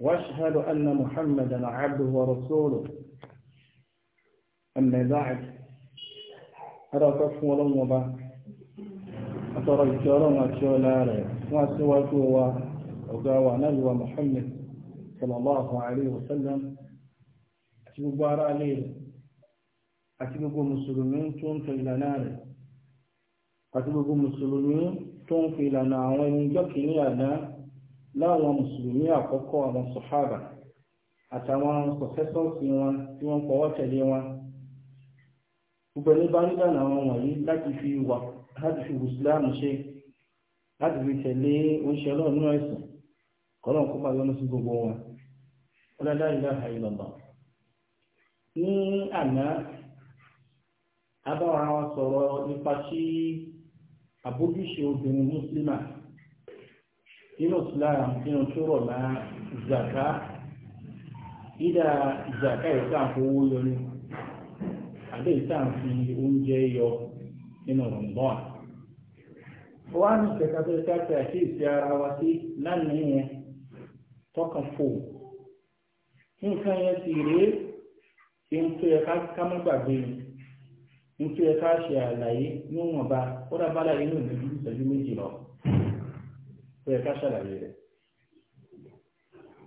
واشهد أن محمدا عبده ورسوله أما بعد أراكف ولم وبا أترك جرم أتشولار وأسواك وأقاوى نجوى محمد صلى الله عليه وسلم أتبقى رأليه أتبقى مسلمين تنفي لنا أتبقى مسلمين تنفي لنا وإن جكني أنا láwọn mùsùlùmí àkọ́kọ́ àwọn sọ̀hábà àtàwọn a wọn tí wọ́n fọwọ́ tẹ̀lé wọn gbogbo ẹni bá nígbà wọn wọ̀nyí láti fi wà láti fi wùsùlámù ṣe láti fi tẹ̀lé oúnjẹ ọlọ́run nínú ẹ̀sìn kọ́lọ́n kó yọnu sí gbogbo wọn ọlọ́dá ìlà àìlọ́lọ́ ní àná abáwọn sọ̀rọ̀ nípa àbójúṣe obìnrin mùsùlùmí nínú islam nínú tó rọ̀ mọ́ zaka ìdá zaka ìta àfowó yọ ni àbẹ́ ìta àfi oúnjẹ yọ nínú rọ̀mọ́n wọ́n á ní kẹta tó ká pé àkíyèsí ara wa sí lánàá yẹn tọkàn fò nǹkan yẹn ti rèé ohun tó yẹ ká má gbàgbé ni ohun tó ká ṣe àlàyé níwọ̀nba ó dábàá láyé ní òní ìṣẹ́jú méjì lọ ẹ ká ṣàlàyé rẹ̀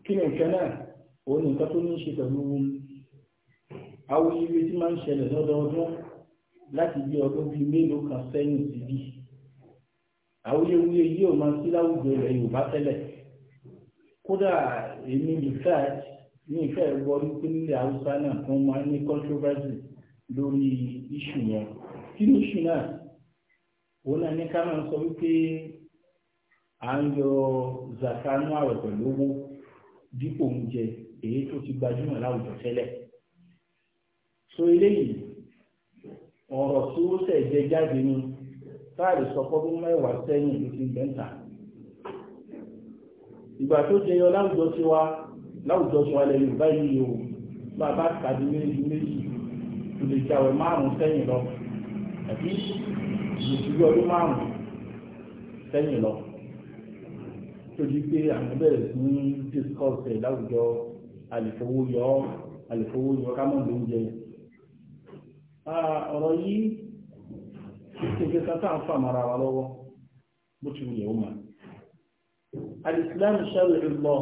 kí ni nǹkan náà òun ni nǹkan tó ní ṣe pẹ̀lú awuyewuye tí máa ń ṣẹlẹ̀ lọ́dọọdún láti bí ọdún bíi mélòó kan sẹ́yìn síbí awuyewuye yìí ò máa sí láwùjọ ilẹ̀ Yorùbá tẹ́lẹ̀ kódà èmi nìkan ní ìfẹ́ ẹ̀gbọ́ wípé nílẹ̀ haúsá náà kan máa ní controversy lórí iṣu yẹn kí ni iṣu náà òun náà ní ká máa sọ wípé à ń yọ zakanu àwẹ̀ pẹ̀lú owó dípò oúnjẹ èyí tó ti gbajúmọ̀ láwùjọ tẹ́lẹ̀ so eléyìí ọ̀rọ̀ tí ó sẹ̀ jẹ jáde ni táàrí sọ fọ́dún mẹ́wàá sẹ́yìn ló ti gbẹ́ǹta ìgbà tó jẹyọ láwùjọ tí wa láwùjọ tí wa lẹ yorùbá yìí o bàbá tàbí méjì méjì kò lè jáwé márùn sẹ́yìn lọ àbí lè ọdún márùn sẹ́yìn lọ tó di pé àwọn bẹ̀rẹ̀ sí ní discuss ẹ̀ láwùjọ àlìfowó yọ àlìfowó yọ kámọ̀ lóúnjẹ. ọ̀rọ̀ yìí ìṣèjẹ́ sátá ń fà mara wa lọ́wọ́ bó ti wù yẹ̀wò mà. alìsílámù ṣàlùyẹ̀ lọ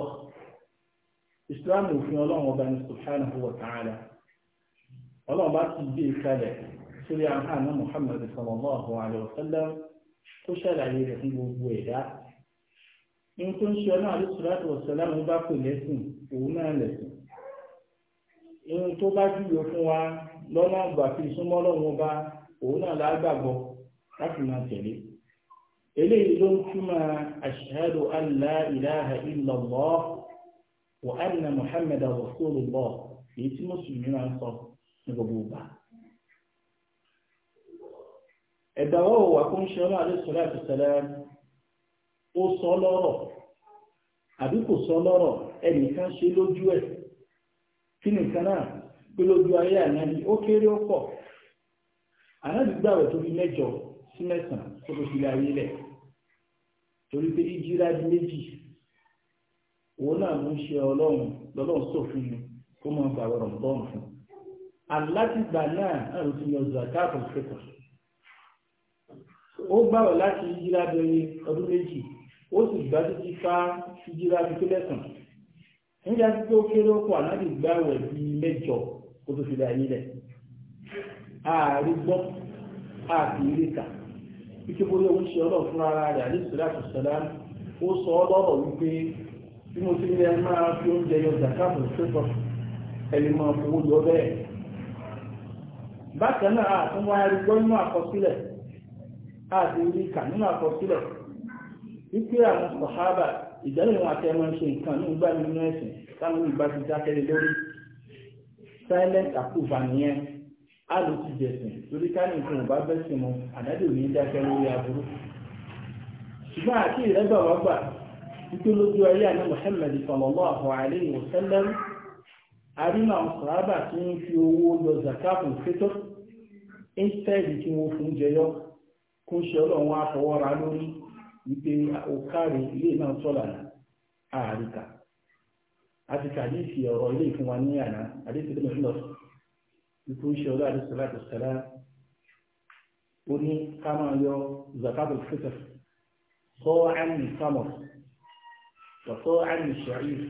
ìsìlámù òfin ọlọ́run ọba ní subhanahu wa ta'ala ọlọ́run bá ti gbé e kalẹ̀ sórí àhánà muhammadu sallallahu alayhi wa sallam ó ṣàlàyé rẹ̀ fún gbogbo ẹ̀dá ohun tó ń ṣe ọlọ́run àlùsùláàtù ọ̀sọ̀láàmù bá pè lẹ́sìn òun náà lẹ̀sìn ohun tó bá júwe fún wa lọ́nà àgbà fi súnmọ́ ọlọ́run ọba òun náà lágbàgbọ́ láti máa tẹ̀lé eléyìí ló ń túmọ̀ ashhadu an la ilaha illallah wa anna muhammadan rasulullah èyí tí mùsùlùmí máa ń sọ ní gbogbo ìgbà ẹ̀dàwọ́ wà fún ṣọlá àlùsùláàtù ọ̀sọ̀láàmù ó sọ lọ́rọ̀ àbí kò sọ lọ́rọ̀ ẹnìkan ṣe lójú ẹ̀ kí nìkan náà pé lójú ayé ànábi ó kéré ó pọ̀ tó mẹ́jọ sí mẹ́sàn-án tó tó fi ayé lẹ̀ torí pé ìjírá di méjì òun náà ṣe ọlọ́run lọ́lọ́run sófin ni ń fún náà náà ló ti yan ó ó sì gbá títí ká jíra fi tó lẹ́sàn nígbà tí ó kéré okùn ànábì gbá wẹ̀ bí mẹ́jọ kó tó fi dá yín ààrí gbọ́ àti ìrìkà ike bóyá òun ṣe ọlọ́run fún ara rẹ̀ àdéṣù láti sọ̀dá ó sọ ọ́ lọ́rọ̀ wípé bí mo ti rí ẹ máa fi oúnjẹ yọ zakat fẹ́tọ̀ ẹni máa fowó yọ bẹ́ẹ̀ bákan náà àtúnwá ẹrú nínú àkọsílẹ̀ àti ìrìkà nínú àkọsílẹ̀ wípé àwọn sọ̀hábà ìjọ́lẹ̀ wọn ṣe nǹkan ní ìgbà nínú ẹ̀sìn táwọn ìgbà ti dákẹ́lẹ̀ lórí silent approval nìyẹn á ló ti jẹ̀sìn torí káyọ̀ nǹkan ò bá mu àdádì ò ní dákẹ́ lórí aburú ṣùgbọ́n àti ìrẹ́gbà gbà lójú ayé àná sọ̀hábà tí ń fi wípé òkàrí ilé náà sọ̀là àríkà àti kàdíìsì ọ̀rọ̀ ilé ìfún wa ní àná àdíìsì tó mẹ́fún lọ ipò ń ṣe ọ̀rọ̀ àdíìsì láti sọ̀lá ó ní ká máa yọ zakato fitr sọ àmì samus sọ àmì sharif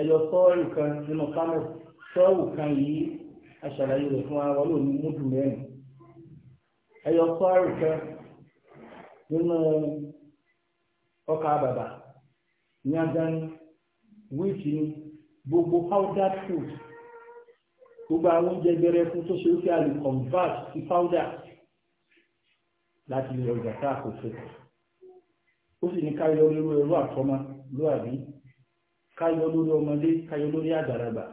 ẹyọ sọ́ọ̀rù kan nínú samus sọ́ọ̀rù kan yìí aṣàlàyé rẹ̀ fún wa wọ́n lò ní múdù mẹ́rin ẹyọ sọ́ọ̀rù kan nínú ọkà bàbà yangan wíìtì ni gbogbo powder food gbogbo àwọn oúnjẹ gbẹrẹfu tó ṣe wípé a lè convert sí powder láti ilẹ̀ ọjà tá a kò fẹ́ ó sì ní káyọ lórí ẹrú àtọmọ lóàbí káyọ lórí ọmọdé káyọ lórí àgbàlagbà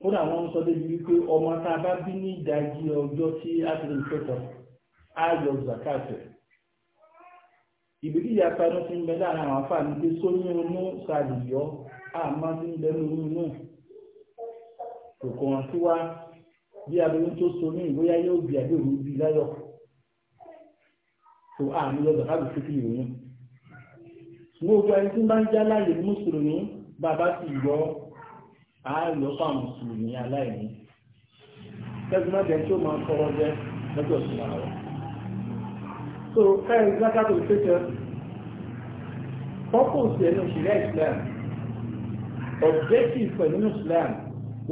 kódà wọn sọ débi wípé ọmọ tá a bá bí ní ìdajì ọjọ́ tí a ti lè fẹ́ ayọ zakatẹ ìbílí ìyapa ló ti ń bẹ láàrin àwọn afáàní pé sóyún inú sàlìyọ àmọ́ ti ń bẹ lórí inú kòkòrò tí wá bí abẹ́rẹ́ tó so ní ìgbóyá yóò bí abẹ́ òun bí láyọ̀ tó àmì yọ zakatẹ fi fi ìròyìn ṣùgbọ́n ojú ayé tí ń bá ń já láàyè mùsùlùmí bàbá ti yọ ààyò fáwọn mùsùlùmí aláìní tẹ́gbọ́n jẹ́ tí ó máa ń kọ́rọ́ jẹ́ lọ́jọ́ ìsinmi àwọn so káyọ̀ zakatul fitr purpose ẹnu ìṣẹ̀lẹ̀ islam objective pẹ̀lú islam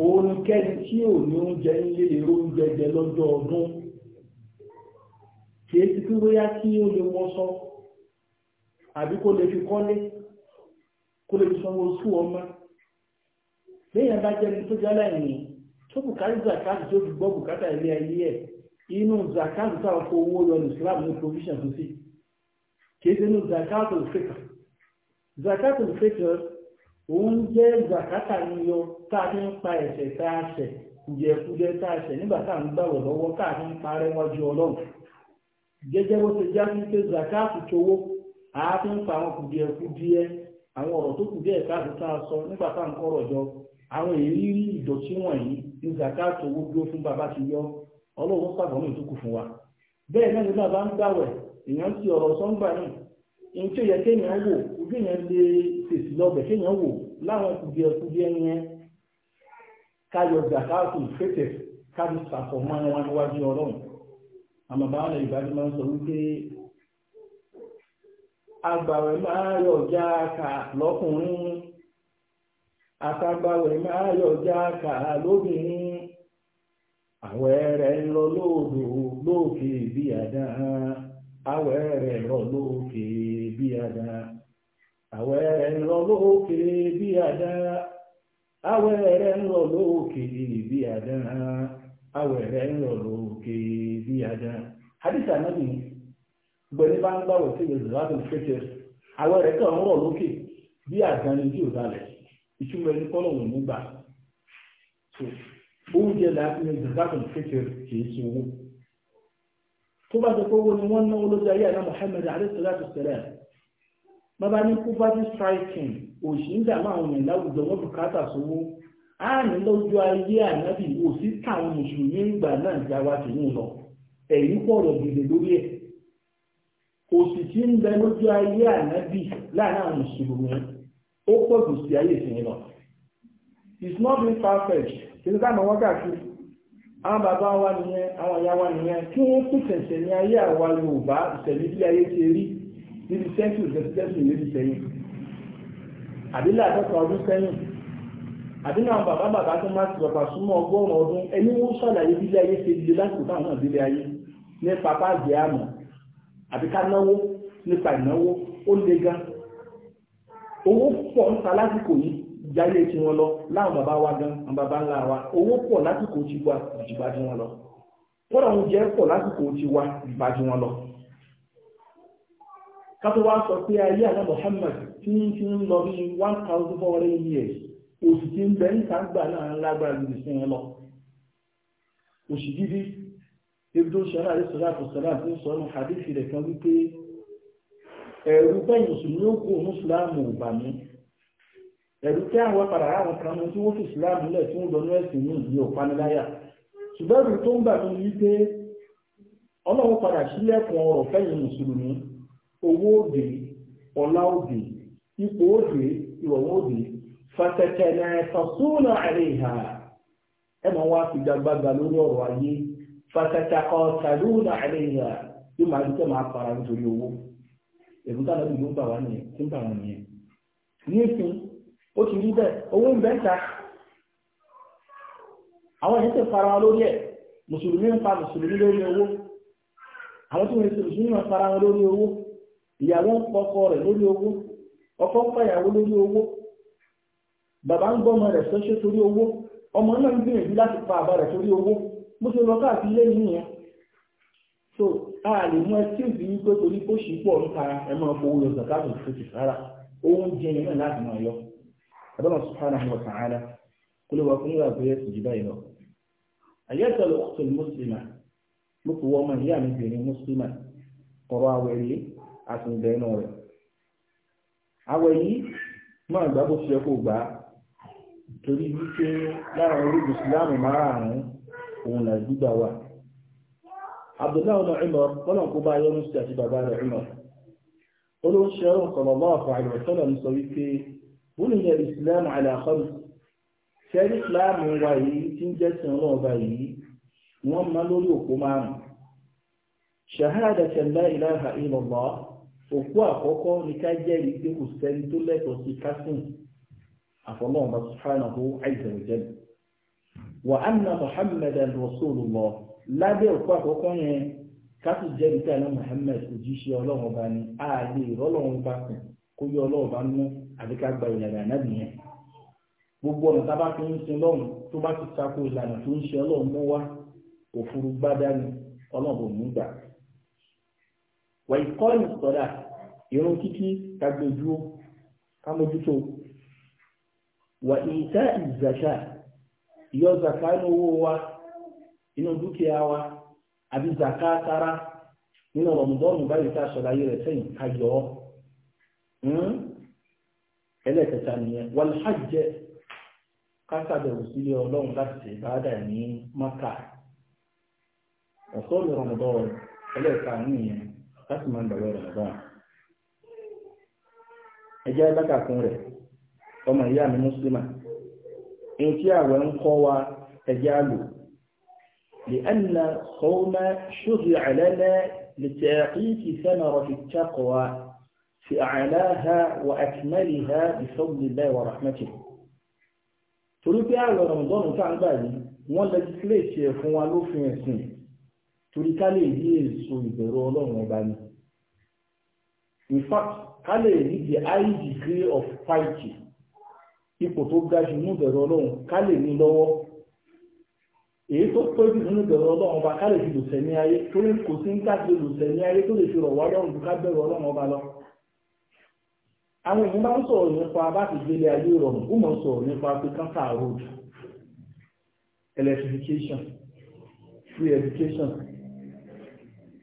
òun kẹ́ni tí ò ní oúnjẹ nílé èrò oúnjẹ jẹ lọ́jọ́ ọdún kìí ti kí bóyá kí ó lè wọṣọ àbí kó lè fi kọ́lé kó lè fi sanwó sú ọmọ léèyàn bá jẹ́ni tó jẹ́ láìní tó bùkátà káàdì tó fi gbọ́ bùkátà ilé ẹ̀ inú zakat tá ọkọ̀ owó yọ ní islam ní provision tó sí kìí sínú zakat olùfẹ́kà zakat olùfẹ́kà òun jẹ́ zakata ní yọ táàkì ń pa ẹ̀ṣẹ̀ táàṣẹ̀ kùjẹkùjẹ táàṣẹ̀ nígbà táà ń gbàwẹ̀ lọ́wọ́ káàkì ń parẹ́ wájú ọlọ́run gẹ́gẹ́ bó ṣe já sí pé zakat towó àáfi ń pa àwọn kùjẹkùjẹ àwọn ọ̀rọ̀ tó kùjẹ káàkì tá a sọ nígbà ń kọ́rọ̀ jọ àwọn èrírí ìdọ̀tí wọ̀nyí ní zakat owó dúró fún bàbá ti yọ ọlọ́run pàdánù ìdúkù fún wa bẹ́ẹ̀ náà bá ń gbàwẹ̀ èèyàn ti ọ̀rọ̀ sọ́ngbà náà tí ó yẹ kéèyàn wò ojú èèyàn lè fèsì lọ́bẹ̀ kéèyàn wò láwọn káyọ̀ fẹ́tẹ̀ ń níwájú ọlọ́run àmọ́ báwọn lè ìbájú máa ń sọ wípé agbàwẹ̀ máa yọ̀ já kà lọ́kùnrin àtàgbàwẹ̀ máa yọ̀ já kà lóbìnrin àwẹ̀ rẹ̀ ń lọ lóòdò lóòkè bí àdá àwẹ̀ lọ lóòkè bí àdá àwẹ̀ lọ lóòkè bí àdá àwẹ̀ lọ lóòkè bí àdá àwẹ̀ lọ lóòkè bí àdá. hadith anabi bá ń sí láti lókè bí oúnjẹ láti ní zakatul fitr kìí ṣe owó tó bá jẹ́ kówó ni wọ́n náwó lójú ayé àná Muhammad alayhisalatu salam bàbá ní poverty striking òṣì ń dàmú àwọn èèyàn láwùjọ wọn bùkátà sówó á ní lójú ayé ànábì òsì táwọn mùsùlùmí ìgbà náà já wa ti ń lọ ẹ̀yìn pọ̀rọ̀ gbèdè lórí ẹ̀ òsì tí ń bẹ lójú ayé ànábì láàárín àwọn mùsùlùmí ó pọ̀ jù sí ayé ìsìn lọ it's not been far fetched kìí sáà mọ̀ wọ́n káàkiri àwọn bàbá wa nìyẹn àwọn ìyá wa nìyẹn kí wọ́n kú tẹ̀sẹ̀ ní ayé àwa Yorùbá ìṣẹ̀lẹ̀ bí ayé ti rí níbi sẹ́ńtù ìṣẹ̀síṣẹ́sì méjì sẹ́yìn àdílé àtọ́kọ̀ ọdún sẹ́yìn àdílé àwọn bàbá bàbá tó máa ti bàbá súnmọ́ ọgọ́rùn-ún ọdún ẹni wọ́n ṣàlàyé bí ayé ti di lásìkò táwọn náà délé ayé nípa bá jẹ́ àmọ́ àbí ká náwó nípa ìnáwó ó le gan owó pọ̀ ń ta lásìkò yìí jáyé tí wọ́n lọ láwọn bàbá wa gan àwọn bàbá ńlá wa owó pọ̀ lásìkò tí wa jùbá wọn lọ wọ́n àwọn jẹ pọ̀ lásìkò tí wa wọn lọ. kátó sọ pé ayé àná Muhammad tí ń ń lọ bí one thousand four hundred years oṣù tí ń bẹ ń gbà náà lágbára lọ oṣù sọlá kan wípé ó ẹ̀rù kí àwọn padà ráwọn kan tí wọ́n fi ìsìláàmù lẹ̀ tí wọ́n lọ ní ẹ̀sìn ní ìlú òpaniláyà ṣùgbọ́n ẹ̀rù tó ń gbà mí ni pé ọlọ́run padà sílẹ̀kùn ọ̀rọ̀ fẹ́yìn mùsùlùmí owó òde ọlá òde ipò òde ìrọ̀wọ́ òde fàtẹ̀tẹ̀ náà fàṣúnà àrẹ ìhà ẹ máa wá fi lórí ọ̀rọ̀ ayé fàtẹ̀tẹ̀ àrẹ para ó ti rí bẹ́ẹ̀ owó ń bẹ́ ń àwọn èyí tẹ̀ fara wọn lórí ẹ̀ mùsùlùmí ń fa mùsùlùmí lórí owó àwọn tí wọ́n ti mùsùlùmí ń fara wọn lórí owó ìyàwó ń pọkọ rẹ̀ lórí owó ọkọ ń pàyàwó lórí owó bàbá ń gbọ́mọ rẹ̀ sọ́ṣẹ́ torí owó ọmọ náà ń gbìyànjú láti pa àbá rẹ̀ torí owó mo lọ so a lè mú ẹtí ìdí wípé torí bó ṣì pọ̀ ẹ̀ máa fowó ti rárá owó ń abẹ́rẹ́ subhanahu wa ta'ala kó ló wà fún ìwà àgbẹ̀yẹ sì jù báyìí lọ. àyẹ̀tọ̀ ló kùtù mùsùlùmá ló kù wọ́n mọ̀ ìyá mi bìnrin mùsùlùmá ọ̀rọ̀ àwẹ̀ yìí àtúndẹ̀ inú rẹ̀. àwẹ̀ yìí máa gbà bó ṣe kó gbà á torí wípé abdullahi ọmọ ìmọ̀ bọ́lọ̀ kó bá yọnu sí àti bàbá rẹ̀ ìmọ̀ olóńṣẹ́ ọ̀rọ̀ sọ̀rọ̀ lọ́wọ́ àfààní ọ̀tọ́lọ̀ ń sọ bónìyàn islam alaakọ́bù sẹ́rí islam wa yìí tí ń jẹ́sìn ọlọ́ọ̀ba yìí wọ́n máa lórí òkú márùn-ún shahadatan la ilaha illallah òkú àkọ́kọ́ ní ká jẹ́rìí pé kò sẹ́ni tó lẹ́tọ̀ọ́ sí kásìn àfọlọ́ọ̀ba subhanahu azza wa jalla wa anna muhammadan rasulullah lábẹ́ òkú àkọ́kọ́ yẹn ká sì jẹ́rìí pé àná muhammad òjíṣẹ́ ọlọ́run ọba ni ààlè ìrọ́lọ́run bá sìn kó yọ ọlọ́ọ̀bá nú àbí ká gba ìlànà ànábì yẹn gbogbo ọ̀nà tá a bá fi ń sin lọ́run tó bá ti tako ìlànà tó ń ṣe ọlọ́run mú wá òfurú gbádá ni ọlọ́run ò ní gbà. wà ìkọ́lù sọ́dà irun kíkí ká gbójú ó ká mójútó wà ìta ìzàṣà yọ zàká inú owó wa inú dúkìá wa àbí zàká tara nínú ọ̀rọ̀ mùdọ́ọ̀nù báyìí tá a ṣọ̀láyé rẹ̀ sẹ́yìn ká yọ ọ́. Hmm? ẹlẹ́ẹ̀kẹta nìyẹn wàlúhàjj kásàbẹ̀wò sílé ọlọ́run láti ṣe ìbáadà ní maka ọ̀sọ́ lè rọmọdọ́ ẹlẹ́ẹ̀ka nìyẹn láti máa ń bẹ̀rẹ̀ rọmọdọ́ ẹjẹ́ alákàkún rẹ̀ ọmọ ìyá mi mùsùlùmá èyí tí àwẹ̀ ń kọ́ wa ẹjẹ́ àlò لأن صوم شرع لنا لتعقيد ثمرة التقوى في أعلاها وأكملها بفضل الله ورحمته torí على رمضان ramadan tá ń gbà yìí wọ́n lẹ́gísílẹ̀tì ẹ̀ fún wa lófin ẹ̀sìn torí ká lè rí in fact ká lè the high degree of piety ipò tó ga jù nínú ìbẹ̀rù ọlọ́run ká lè ní lọ́wọ́ èyí tó pé jù nínú ìbẹ̀rù ọlọ́run ọba ká lè fi lòsẹ̀ ní ayé torí kò sí ń ká lòsẹ̀ ní ayé tó lè fi rọ̀ wá lọ́rùn ká bẹ̀rù ọlọ́run ọba lọ àwọn èèyàn bá ń sọ̀rọ̀ nípa bá ti gbélé ayé rọrùn ó mọ̀ sọ̀rọ̀ nípa african car road electrification free education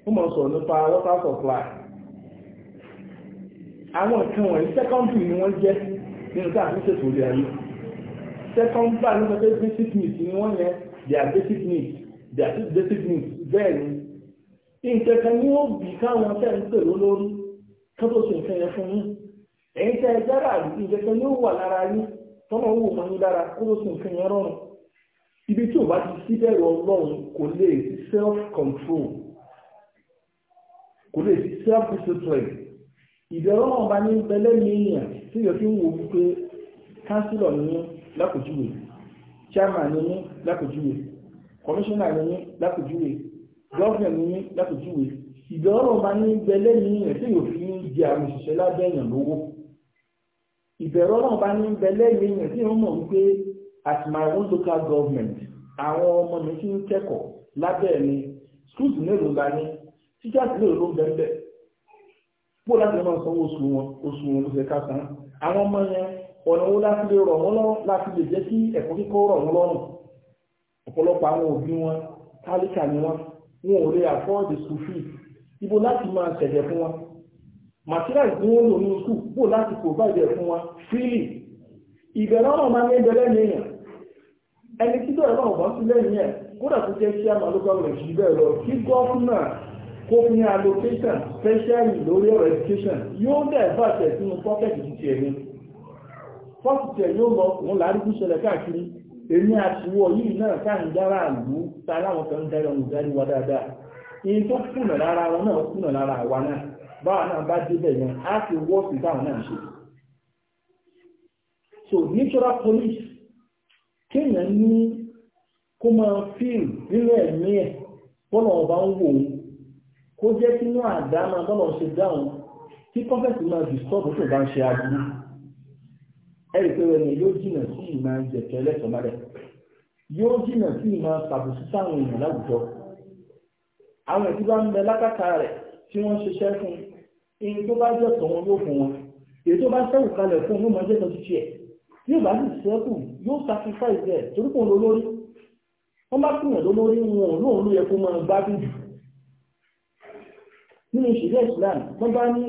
ó mọ̀ sọ̀rọ̀ nípa water supply àwọn nǹkan wọ̀nyí secondary ni wọ́n jẹ́ nínú tá à ń ṣètò ilé ayé secondary ló sọ pé basic needs ni wọ́n yẹn their basic needs their basic needs bẹ́ẹ̀ ni nǹkan kan ni ó bì káwọn tẹ̀ ń pè lólórí kó tó ṣe nǹkan yẹn fún yín ẹ̀yin tẹ́ ẹ dára ìjẹta yóò wà lára yín tọ́nà owó kan yín dára kó ló sì rọrùn ibi tí ò bá ti sí bẹ̀rù kò lè sí self kò lè sí self discipline ọ̀rọ̀ bá ní bẹ́lẹ́ fi ń wo kánsílọ̀ ní lákòjúwe chairman lákòjúwe lákòjúwe tí yóò ìbẹ̀rù ọlọ́run bá ní bẹ̀lẹ́ ìyẹn tí wọ́n mọ̀ wípé at my own local government àwọn ọmọ mi ti ń kẹ́kọ̀ọ́ lábẹ́ mi schools mélòó la ní teachers mélòó ló ń bẹ́ẹ̀ bẹ́ẹ̀ pọ̀ láti máa sanwó oṣù wọn oṣù wọn ló fẹ́ ká san àwọn ọmọ yẹn ọ̀nà wo láti lè rọ̀ wọ́n lọ́rùn láti lè jẹ́ kí ẹ̀kọ́ kíkọ́ rọ̀ wọ́n lọ́rùn ọ̀pọ̀lọpọ̀ àwọn òbí wọn tálíkà ni wọn wọn ò lè afford the school fee ibo láti máa ṣẹ̀jẹ̀ fún wọn material tí wọ́n lò ní bò láti kò bàjẹ́ fún wa fílì ìbẹ̀rẹ̀ ọ̀rọ̀ máa ń gbé lẹ́nu èèyàn ẹni tí bẹ̀rẹ̀ náà wọ́n sí lẹ́nu ẹ̀ kódà tó jẹ́ sí àmà lókà rẹ̀ jù bẹ́ẹ̀ lọ kí gọ́ọ̀nà kó ní allocation specially lórí ọ̀rọ̀ education yóò dẹ̀ bàjẹ́ sínú pọ́kẹ́tì ti tiẹ̀ ni pọ́kìtì ẹ̀ yóò lọ òun lárígún ṣẹlẹ̀ káàkiri èmi àtiwọ́ yìí náà káàkiri dára àlú ta láwọn kan dára òun dárí wa dáadáa ìyẹn tó kùnà lára wọn náà kùnà lára àwa náà báwa náà bá débẹ̀ yẹn á fi wọ́ọ̀sì táwọn náà so natural police kéèyàn ní kó máa fíìl nínú ẹ̀mí ẹ̀ ọba ń wò ó kó jẹ́ sínú àdámà bọ́lọ̀ ṣe dáhùn tí kọ́fẹ́sì máa disturb tó bá ń ṣe ẹ̀rì pé ẹni yóò jìnà sí ìmọ̀ rẹ̀ yóò jìnà sí ìmọ̀ sáwọn èèyàn láwùjọ àwọn ń bẹ lákàtà tí wọ́n ṣiṣẹ́ fún in tó bá jẹ́ tọ̀wọ́n ló fún wọn èyí tó bá sẹ́wù kalẹ̀ fún yóò máa jẹ́ tọ́jú tiẹ̀ yóò bá sì sẹ́kù yóò sacrifice ẹ̀ torí kò lólórí wọ́n bá kùnà lólórí wọn lóun ló yẹ kó máa gbádùn jù nínú ìṣẹ̀lẹ̀ Islam wọ́n bá ní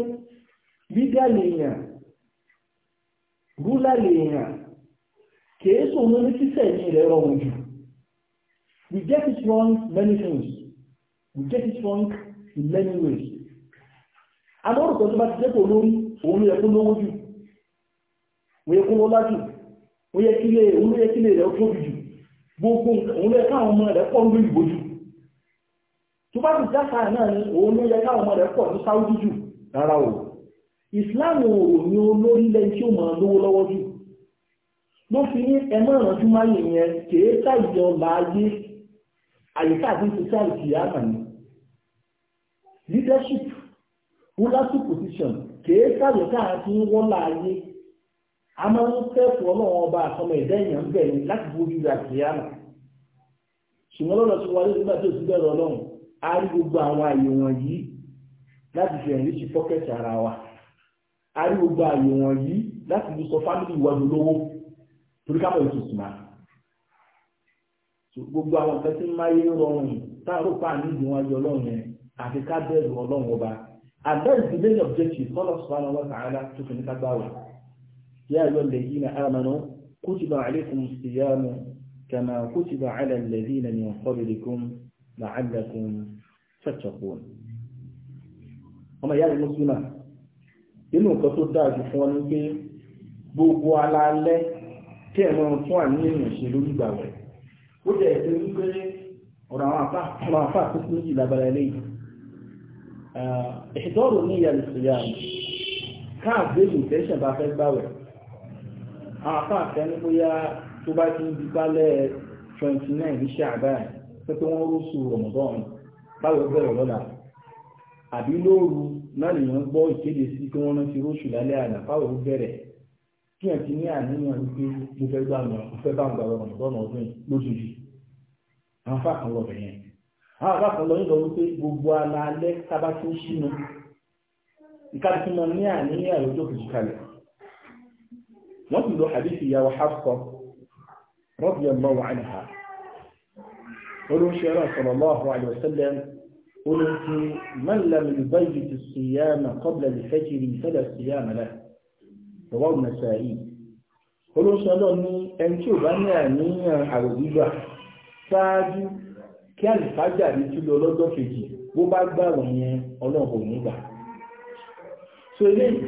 bídà lèèyàn rúlà lèèyàn kìí sùn ní ní sísẹ̀ ní ilẹ̀ rọrùn jù we get it wrong many things we get it wrong in many ways àmọ́ òrùkọ́ tó bá ti dépò lórí òun yẹ kó lówó jù òun yẹ kó lọ́lá jù òun yẹ kílé We have kílé rẹ̀ ó tóbi jù gbogbo òun yẹ káwọn ọmọ rẹ̀ pọ̀ lórí ìbòjú tó bá ti dáka náà ni òun ló yẹ káwọn ọmọ rẹ̀ pọ̀ ní sáwọ́dí jù rárá o ìsìláàmù òní olórí lẹ́yìn tí ó máa lówó lọ́wọ́ jù wọ́n fi ní ẹmọ́ ìrànjú máyè yẹn kèé sáìjọ láàyè àyíká àti ìsìláàmù kìí àmà ni leadership rulership position kèé sàlẹ̀ káàkiri wọ́n láàyè a máa ń kẹ́kọ̀ọ́ ọlọ́run ọba àtọmọ ẹ̀dá èèyàn ń bẹ̀rẹ̀ láti borí ìgbà kìíyàmà ṣùgbọ́n lọ́dọ̀ tí wọ́n nígbà tí òsì bẹ̀rẹ̀ ọlọ́run a rí gbogbo àwọn àyè wọ̀nyí láti fi ẹ̀rí sí pọ́kẹ́tì ara wa a rí gbogbo àyè wọ̀nyí láti fi sọ fámìlì ìwádìí olówó torí káàpọ̀ ìtùtù máa gbogbo àwọn nǹkan tí ń máa yé rọrùn táàrò pàánù ìdíwájú ọlọ́run yẹn àti ká bẹ̀rù ọlọ́run ọba and that is the main objective Allah subhanahu wa ta'ala tó fi ní ká gbáwẹ̀ ya ayyuha alladhina amanu kutiba alaykum as-siyamu kama kutiba ala alladhina min qablikum la'allakum tattaqun ọmọ ìyá rẹ̀ mùsùlùmá inú nǹkan tó dáa jù fún ọ ní pé gbogbo alálẹ́ kí ẹ̀mọ́ fún àníyàn ìṣèlú ìgbàwẹ̀ ó jẹ́ ìpínlẹ̀ ọ̀rọ̀ àwọn àfáà tó kú méjì lábára ìdọ́rù ní ìyàlù síyàmù káàgbé ìtẹ́ṣẹ̀ bá fẹ́ gbàwẹ̀ àpáàkẹ́ ní bóyá tó bá ti ń di pálẹ̀ 29 ní ṣàbáyé pẹ́pẹ́ wọ́n rú sùn rọ̀mọ̀dọ́n báwẹ̀ bẹ̀rẹ̀ lọ́la àbí lóòru náà nìyàn gbọ́ ìkéde sí pé wọ́n rántí róṣù lálẹ́ àná báwẹ̀ ó bẹ̀rẹ̀ kí ẹ̀ ti ní àníyàn wípé mo fẹ́ gbà mọ́ bá ń gbà rọ̀mọ̀dọ́n ọdún lójijì àwọn fáàkàn lọ àwọn àbáfẹ́ lọ nílò wípé gbogbo alaalẹ́ tábà tó ṣínú ìkàtí mọ ní àníyàn àròjọ kìí kalẹ̀ wọ́n ti lọ hadith ìyàwó Hafsa radiyallahu anha olóṣèlú sallallahu alaihi wasallam olóṣù man lam yubayyit as-siyama qabla al-fajr fala siyama lahu rawahu an-Nasa'i olóṣèlú ní ẹni tí ò bá ní àníyàn àròjọ ṣáájú kí àlìfájà rí tú lọ lọ́jọ́ kejì bó bá gbàwọ̀ yẹn ọlọ́run ò ní gbà so eléyìí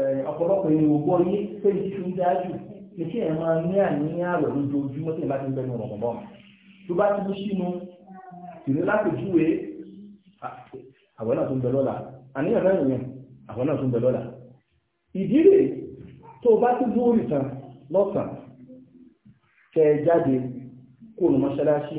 eh, ọ̀pọ̀lọpọ̀ ènìyàn ògbọ́ yé pé ìtú dájú ní kí ẹ̀ máa ní àníyàn àwẹ̀ lójoojúmọ́ tí ìbá ti ń bẹnu ọ̀rọ̀ mọ́ tó bá ti mú sínú ìní lápèjúwe àwọn náà tó ń bẹ lọ́la àníyàn náà yẹn àwọn náà tó ń bẹ lọ́la ìdí rèé tó bá ti bú òrìtàn lọ́sàn kẹ jáde kó o mọ́ṣáláṣí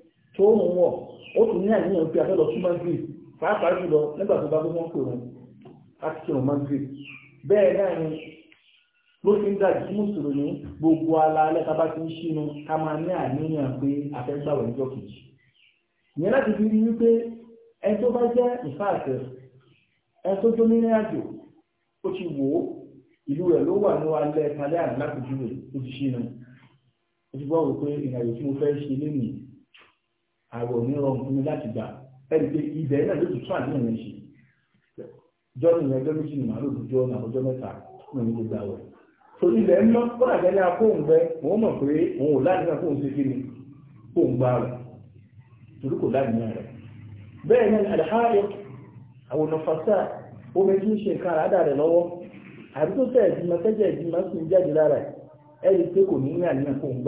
tó ń wọ̀ ó tún ní àníyàn pé afẹ́ lọ sí madrid pàápàá jùlọ nígbà tó bá gbé wọn pè wọn láti kí wọn madrid bẹ́ẹ̀ náà ni ló fi ń dà jí mùsùlùmí gbogbo alaalẹ́ tá a bá ti ń ṣínú ká máa ní àníyàn pé afẹ́ gbàwẹ̀ níjọ́ kejì ìyẹn láti fi rí wípé ẹni tó bá jẹ́ ìfáàtẹ̀ ẹni tó jó nínú àjò ó ti wò ó ìlú rẹ̀ ló wà ní alẹ́ ìpàdé àná lápòjúwe ó ti ṣínú ó ti gbọ́ wípé àwọn onírọ̀rùn fún mi láti gbà ẹni pé ibẹ̀ náà ló tún àdéhùn yẹn ṣe jọ́nù yẹn méjì nìmọ̀ lóògùn jọ́ náà ọjọ́ mẹ́ta náà ní gbogbo àwẹ̀ ilẹ̀ akóhùn bẹ òun mọ̀ pé òun ò láti náà ṣe kí ni rẹ̀ torí kò láti náà rẹ̀ bẹ́ẹ̀ ni àwọn ọ̀nàfàṣà omi tí ń ṣe rẹ̀ lọ́wọ́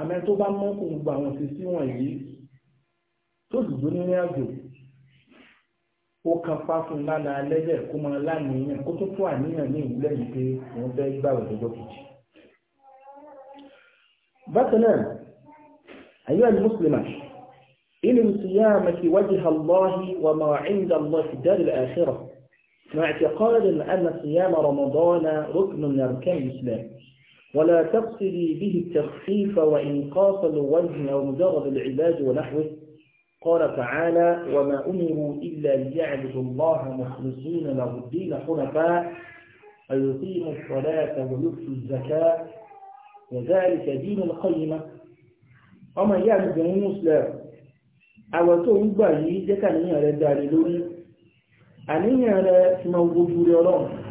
àmẹ́ tó bá mọ́ kó gbogbo àwọn ti sí wọ́n yìí tó dùdú nínú àjò ó kan fún alẹ́lẹ̀ kó máa láníyàn kó tó fún àníyàn ní ìwúlẹ̀ yìí pé wọ́n fẹ́ gbàwẹ̀ lọ́jọ́ kejì. bákan náà àyíwá ni mùsùlùmá kejì. bákan inú má ma lọ dárí àṣírọ̀ wa صيامك وجه الله وما عند الله في الدار الآخرة مع اعتقاد أن صيام رمضان ركن من أركان الإسلام ولا تقصدي به التخفيف وإنقاص الوجه أو مجرد العباد ونحوه قال تعالى وما أمروا إلا ليعبدوا الله مخلصين له الدين حنفاء فيقيموا الصلاة ويؤتوا الزكاة وذلك دين القيمة ọmọ يعبد من bìnrin muslim àwọ̀ tó ń gbà yìí jẹ́ kàníyàn rẹ̀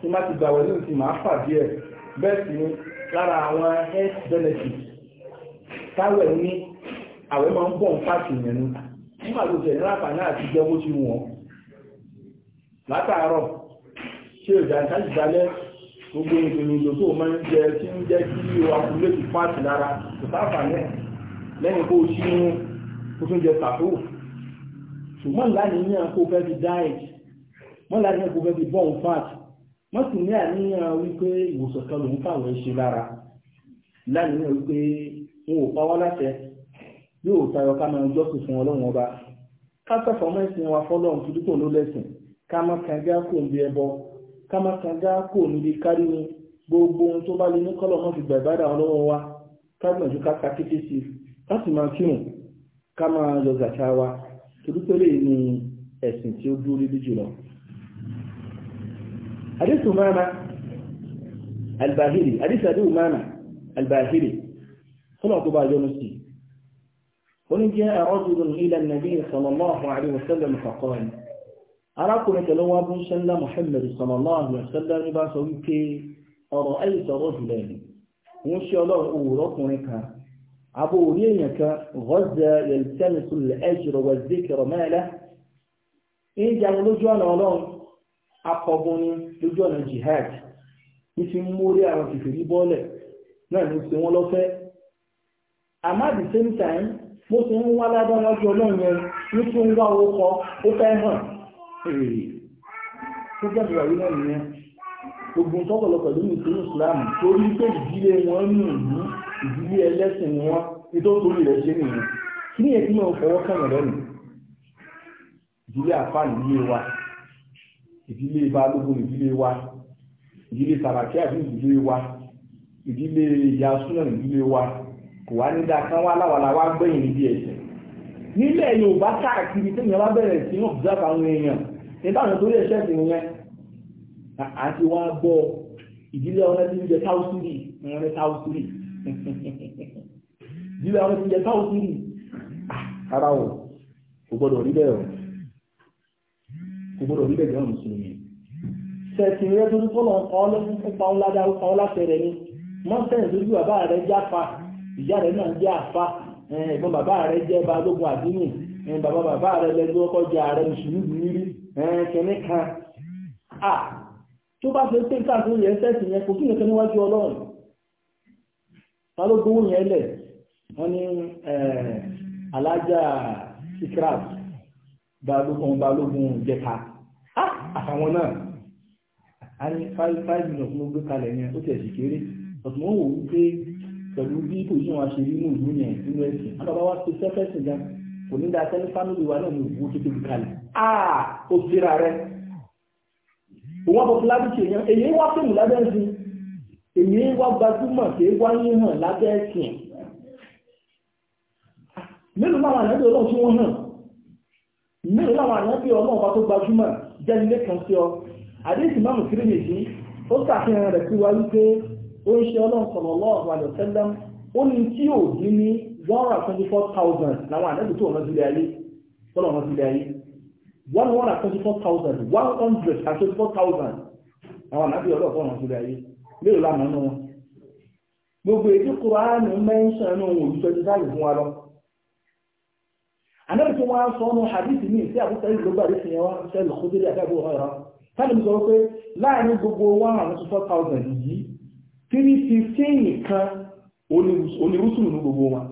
tí má ti gbàwẹ̀ ní ìsìn máa fà díẹ̀ bẹ́ẹ̀ sì ni lára àwọn health benefits táwẹ̀ ní àwẹ̀ máa ń bọ̀ ń pàṣẹ yẹn nu nígbà tó jẹ̀ nílá àǹfààní àti jẹ́ owó ti wọ̀n látàárọ̀ ṣé ìjà ìtajì dalẹ̀ gbogbo ìgbìmọ̀ tó máa ń jẹ tí ń jẹ́ kí o akúlé ti pàṣẹ lára kò sáfà náà lẹ́yìn kó o ṣí inú kó tún jẹ sàfóò ṣùgbọ́n láàrin ní àkókò fẹ́ fi diet wọ́n láàrin àkókò fẹ́ fi bọ́ọ̀n fat wọ́n sì ní àníyàn wípé ìwòsàn kan lòún fàwọn ṣe lára láníyàn wípé wọn ò pa wọ́n láṣẹ yóò tayọ ká máa jọ́sìn fún ọlọ́run ọba ká sọ̀fọ̀ mọ́ wa fọ́lọ́run tó dúpọ̀ ló lẹ́sìn ká má kanga kò níbi ẹbọ ká má kanga kò níbi kárí ni gbogbo ohun tó bá lè ní kọ́lọ̀ náà fi gbà ìbádà ọlọ́run wa ká gbìyànjú ká ka kété sí i ká sì máa kírun ká máa yọ zàkà wa torí pé lè ní ẹ̀sìn tí ó dúró lórí حديث أمامة الباهلي حديث أبي أمامة الباهلي صلعت بها يونسي قل جاء رجل إلى النبي صلى الله عليه وسلم فقال أراكم تلوى أبو محمد صلى الله عليه وسلم بأسويك أرأيت رجلا وإن شاء الله أوراقنك أبو رينك غزة يلتمس الأجر والذكر ماله إن جعلوا جوانا الله akọgun ní lójú ọ̀nà jihad ìfi mórí àwọn kìfìrí bọ́ọ̀lẹ̀ náà ló ṣe wọ́n lọ́fẹ́ àmọ́ at the same time mo ti ń wá lágbára ọjọ́ ọlọ́run yẹn ní tí ń wá owó kọ ó fẹ́ hàn èrè tó jẹ́ ìwàrí náà nìyẹn ogun tọ́pọ̀lọpọ̀ lórí ìsinmi islam torí pé ìdílé wọn ní ìlú ìdílé ẹlẹ́sìn wọn ní tó rẹ̀ ṣe nìyẹn kí ni èyí tí mo fọwọ́ kàn ìdílé balógun ìdílé wa ìdílé sàràkí àti ìdílé wa ìdílé ìyá súnà ìdílé wa kò wá ní dáa kan wá láwàlá wá gbẹ̀yìn níbi ẹ̀sẹ̀ nílẹ̀ Yorùbá káàkiri tẹ́yìn wá bẹ̀rẹ̀ sí náà bùdá àwọn èèyàn nígbàwọn tó lè ṣẹ́ẹ̀sì yẹn àti wá gbọ́ ìdílé ọ̀rẹ́ tí ń jẹ táwùsírì wọn ní táwùsírì ìdílé ọ̀rẹ́ tí ń jẹ táwùsírì ara ah, ò gbọ́dọ̀ rí bẹ́ẹ̀ o kò gbọdọ̀ rí bẹ̀rẹ̀ ọ̀rùn sí mi hmm. sẹ̀sìn rẹ tó dúpọ̀ lọ́n kọ́ lọ́dún pípa ńlá dá kọ́ láti rẹ̀ ni mọ́tẹ́ẹ̀ lójú bàbá rẹ̀ jẹ́ àfa ìyá rẹ̀ náà jẹ́ àfa ẹ̀gbọ́n bàbá rẹ̀ jẹ́ balógun àdínì bàbá bàbá rẹ̀ lẹ́gbẹ́ ọkọ̀ jẹ́ ààrẹ mùsùlùmí rí kẹ́ní kan à tó bá fẹ́ pé káàkiri yẹn sẹ́sìn yẹn kò sí nìkan níwájú ọlọ́run ta ló gbowó yẹn lẹ̀ wọ́n ní balógun balógun jẹta àtàwọn náà a ní five five minutes ló gbé kalẹ̀ yẹn ó tẹ̀sí kéré ọ̀tún wọn wò ó pé pẹ̀lú bí kò yíyan aṣe rí mú ìlú yẹn nínú ẹ̀sìn àbábá wa ṣe sẹ́fẹ̀sì gan kò ní da sẹ́ni fámìlì wa náà ní òwú tó tóbi kalẹ̀ áà ó síra rẹ òun àbọ̀ fúlábìtì èèyàn èyí wá fèmù lábẹ́ ẹ̀sìn èyí wá gbajúmọ̀ kì í wá yín hàn lábẹ́ ẹ̀sìn mélòó máa wà lábẹ́ ọlọ́run tí wọ́n hàn mẹ́rin láwọn àyànfẹ́ ọlọ́ọ̀bá tó gbajúmọ̀ jẹ́ ilé kan sí ọ àdéhùn máàmù kiri nìyí ó ṣàfihàn rẹ̀ sí wa wípé ó ń ṣe ọlọ́run sọ̀rọ̀ lọ́ọ̀rọ̀ àlọ́sẹ́lẹ́m ó ní tí ò dín ní one hundred twenty four thousand làwọn àdéhùn tó ọ̀nà sílẹ̀ ayé one hundred twenty four thousand one hundred twenty four thousand àwọn àdéhùn ọlọ́run tó ọ̀nà sílẹ̀ ayé lérò lánàá náà gbogbo ètò kúránì mẹ́ńsàn náà wò ju twenty five fún wa lọ ànábì tí wọ́n á sọ ọ́nà hadith ní ìsí àbúta ìlú gbàdé fi yẹn wá sẹ́lù kúdírí àgbàgbò ọ̀rọ̀ sáàlì mi sọ pé láàrin gbogbo one hundred four thousand yìí three fifteen nìkan onírúsùlù ní gbogbo wọn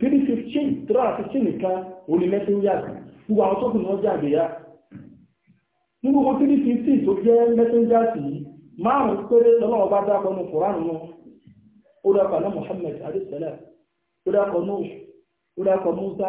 three fifteen three hundred fifteen nìkan onímẹ́sẹ̀njáàgì gbogbo àwọn tó kù ní wọ́n jáde ya ní gbogbo three fifteen tó jẹ́ mẹ́sẹ̀njáàgì yìí márùn-ún péré lọ́wọ́ bá dákọ̀ Musa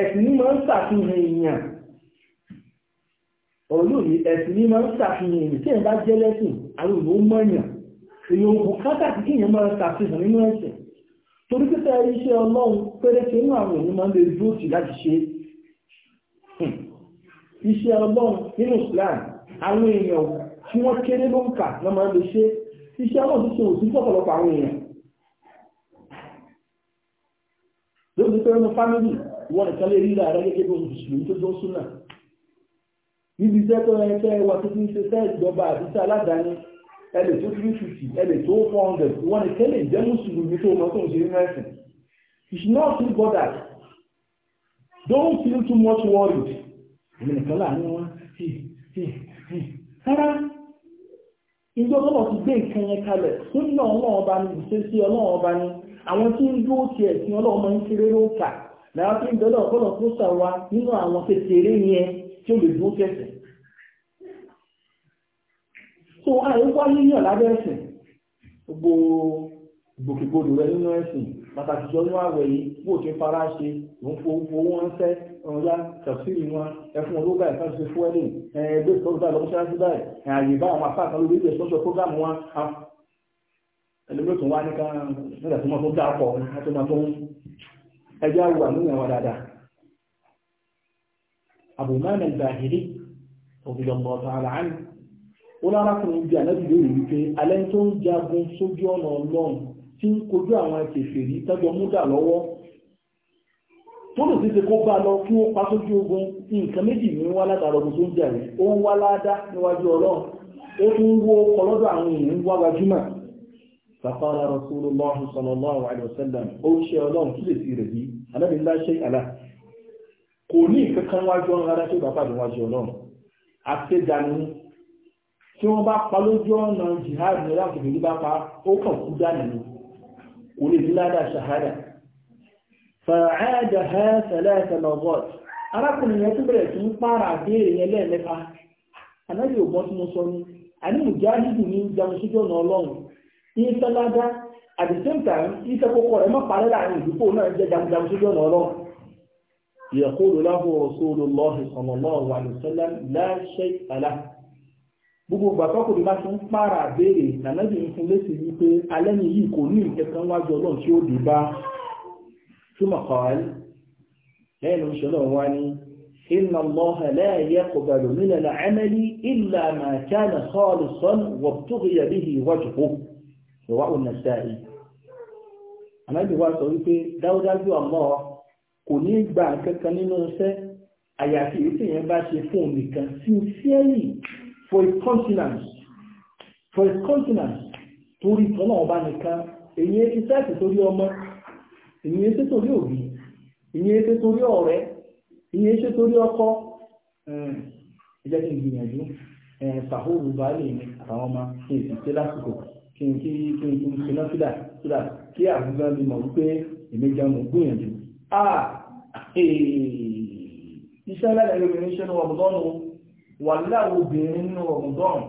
ẹ̀sìn ní máa ń ṣàfihàn èèyàn olóòrí ẹ̀sìn ní máa ń ṣàfihàn èèyàn tí ẹ̀ bá jẹ́ lẹ́sìn àwọn òlò mọ́yàn èèyàn òkú kátàkì kí èèyàn máa ṣàfihàn nínú ẹ̀sìn torí pípẹ́ iṣẹ́ ọlọ́run péréte inú àwọn èèyàn máa ń lè dúró sí láti ṣe hmm. iṣẹ́ ọlọ́run nínú Islam àwọn èèyàn tí wọ́n kéré ló ń kà lọ́ máa ń lè ṣe iṣẹ́ ọlọ́run ti ṣe òsì fọ́pọ̀lọpọ̀ wọ́n nìkan lè rí ààrẹ gẹ́gẹ́ bí mùsùlùmí tó jọ súnà níbi iṣẹ́ tó yẹn tẹ́ wa tó ti ń ṣe sẹ́ ìjọba àti iṣẹ́ aládàáni ẹlẹ̀ tó three fifty ẹlẹ̀ tó four hundred wọ́n nìkan lè jẹ́ mùsùlùmí tó mọ tó ń ṣe nínú ẹ̀sìn it's not too bothered don't feel too much worried èmi nìkan láàrin wọn sí sí sí rárá ìjọ ọlọ́wọ́ ti gbé nǹkan yẹn kalẹ̀ fún náà ọlọ́wọ́ bá ní ìṣesí ọlọ́wọ́ bá ní àwọn tí ń dúró tiẹ̀ sí ọlọ́wọ́ máa ń kéré ló kà làwọn fi ń bẹ̀rẹ̀ ọ̀pọ̀lọ̀ tó sà wa nínú àwọn kékeré yẹn tí ó lè dúró kẹsẹ̀ so àyè wá yíyàn lábẹ́ ẹ̀sìn gbogbo rẹ nínú ẹ̀sìn pàtàkì jọ nínú àwẹ̀ yìí bó ti fara ṣe òun fowó tó wá ní ká nígbà tó tó dá ọkọ̀ wọn tó tó ń ẹjọ́ àwọn àmúyàn wọn dáadáa Abu Ma'mar al-Bahili radiyallahu ta'ala anhu ó lárakùnrin bí ànábì lórí wípé alẹ́ tó ń jagun sójú ọ̀nà ọlọ́run tí ń kojú àwọn kèfèrí tọ́jọ múdà lọ́wọ́ tó lè ṣeéṣe kó bá lọ kí wọ́n pa sójú ogun nǹkan méjì ní wá látara ogun tó ń jà rẹ̀ ó ń wá ládá níwájú ọlọ́run ó tún ń wó ọlọ́dọ̀ àwọn èèyàn ń wá gbajúmọ̀ fàkọ́lá rasulullah sallallahu alayhi wa sallam ó ń ṣe ọlọ́run kí lè sí rẹ̀ bí anábì ńlá ṣe àlá kò ní kankan wájú ọ̀run rárá tó bàbá mi wájú ọlọ́run àtẹ̀dánù tí wọ́n bá pa lójú ọ̀nà jihad ní láti fi bá pa ó kàn kú dánù ni kò lè ní ládàá ṣahada fàáàdà ha sàlẹ́sà lọ́gọ́t arákùnrin yẹn tó bẹ̀rẹ̀ sí ń pààrà àbẹ́rẹ̀ yẹn lẹ́ẹ̀mẹ́fà anábì ò gbọ́n tí sọ ni àní ìjáàdìdì ní ìjàmùsíjọ́ ọ̀nà ọlọ́run ìsá ládá at the same time ìsá kókó rẹ̀ má parẹ́ láàrin ìdúpò náà jẹ́ jagunjagun sójú ọ̀nà ọlọ́run yaqulu lahu rasulullahi sallallahu alaihi wasallam la shay'a lahu gbogbo gbàtọ́kù bí bá ti ń pààrà àbẹ́rẹ̀ nànábì ń fún lẹ́sìn wípé alẹ́ ni yìí kò ní ìkẹ́kẹ́ wájú ọlọ́run tí ó dé bá túmọ̀ kọ́ọ̀lì lẹ́yìn oṣù náà wá ní inna Allaha la yaqbalu min al-amali illa ma kana khalisan wabtughiya bihi wajhuhu ìwà ònàṣà yìí ànábì wa sọ wípé dáúdájú àmọ́ kò ní gba kankan nínú iṣẹ́ àyàfi èyí tí èèyàn bá ṣe fún òun nìkan sincerely for his continence for a continence torí tọ́nà ọba nìkan èyí ti sáàtì torí ọmọ èyí ti torí òbí èyí ti torí ọ̀rẹ́ èyí ti torí ọkọ ẹ jẹ́ kí n gbìyànjú ẹ̀ fàhóòrù bá lè ọmọ kí èsì lásìkò kí n kí kí n tún ṣe lọ́sídà sídà kí àbúgbà bí mọ̀ wípé èmi jẹ́ mọ̀ gbìyànjú. a ah, iṣẹ́ lẹ́lẹ́lẹ́ obìnrin ṣe ní ọmọdọ́nù wà láwọ obìnrin nínú ọmọdọ́nù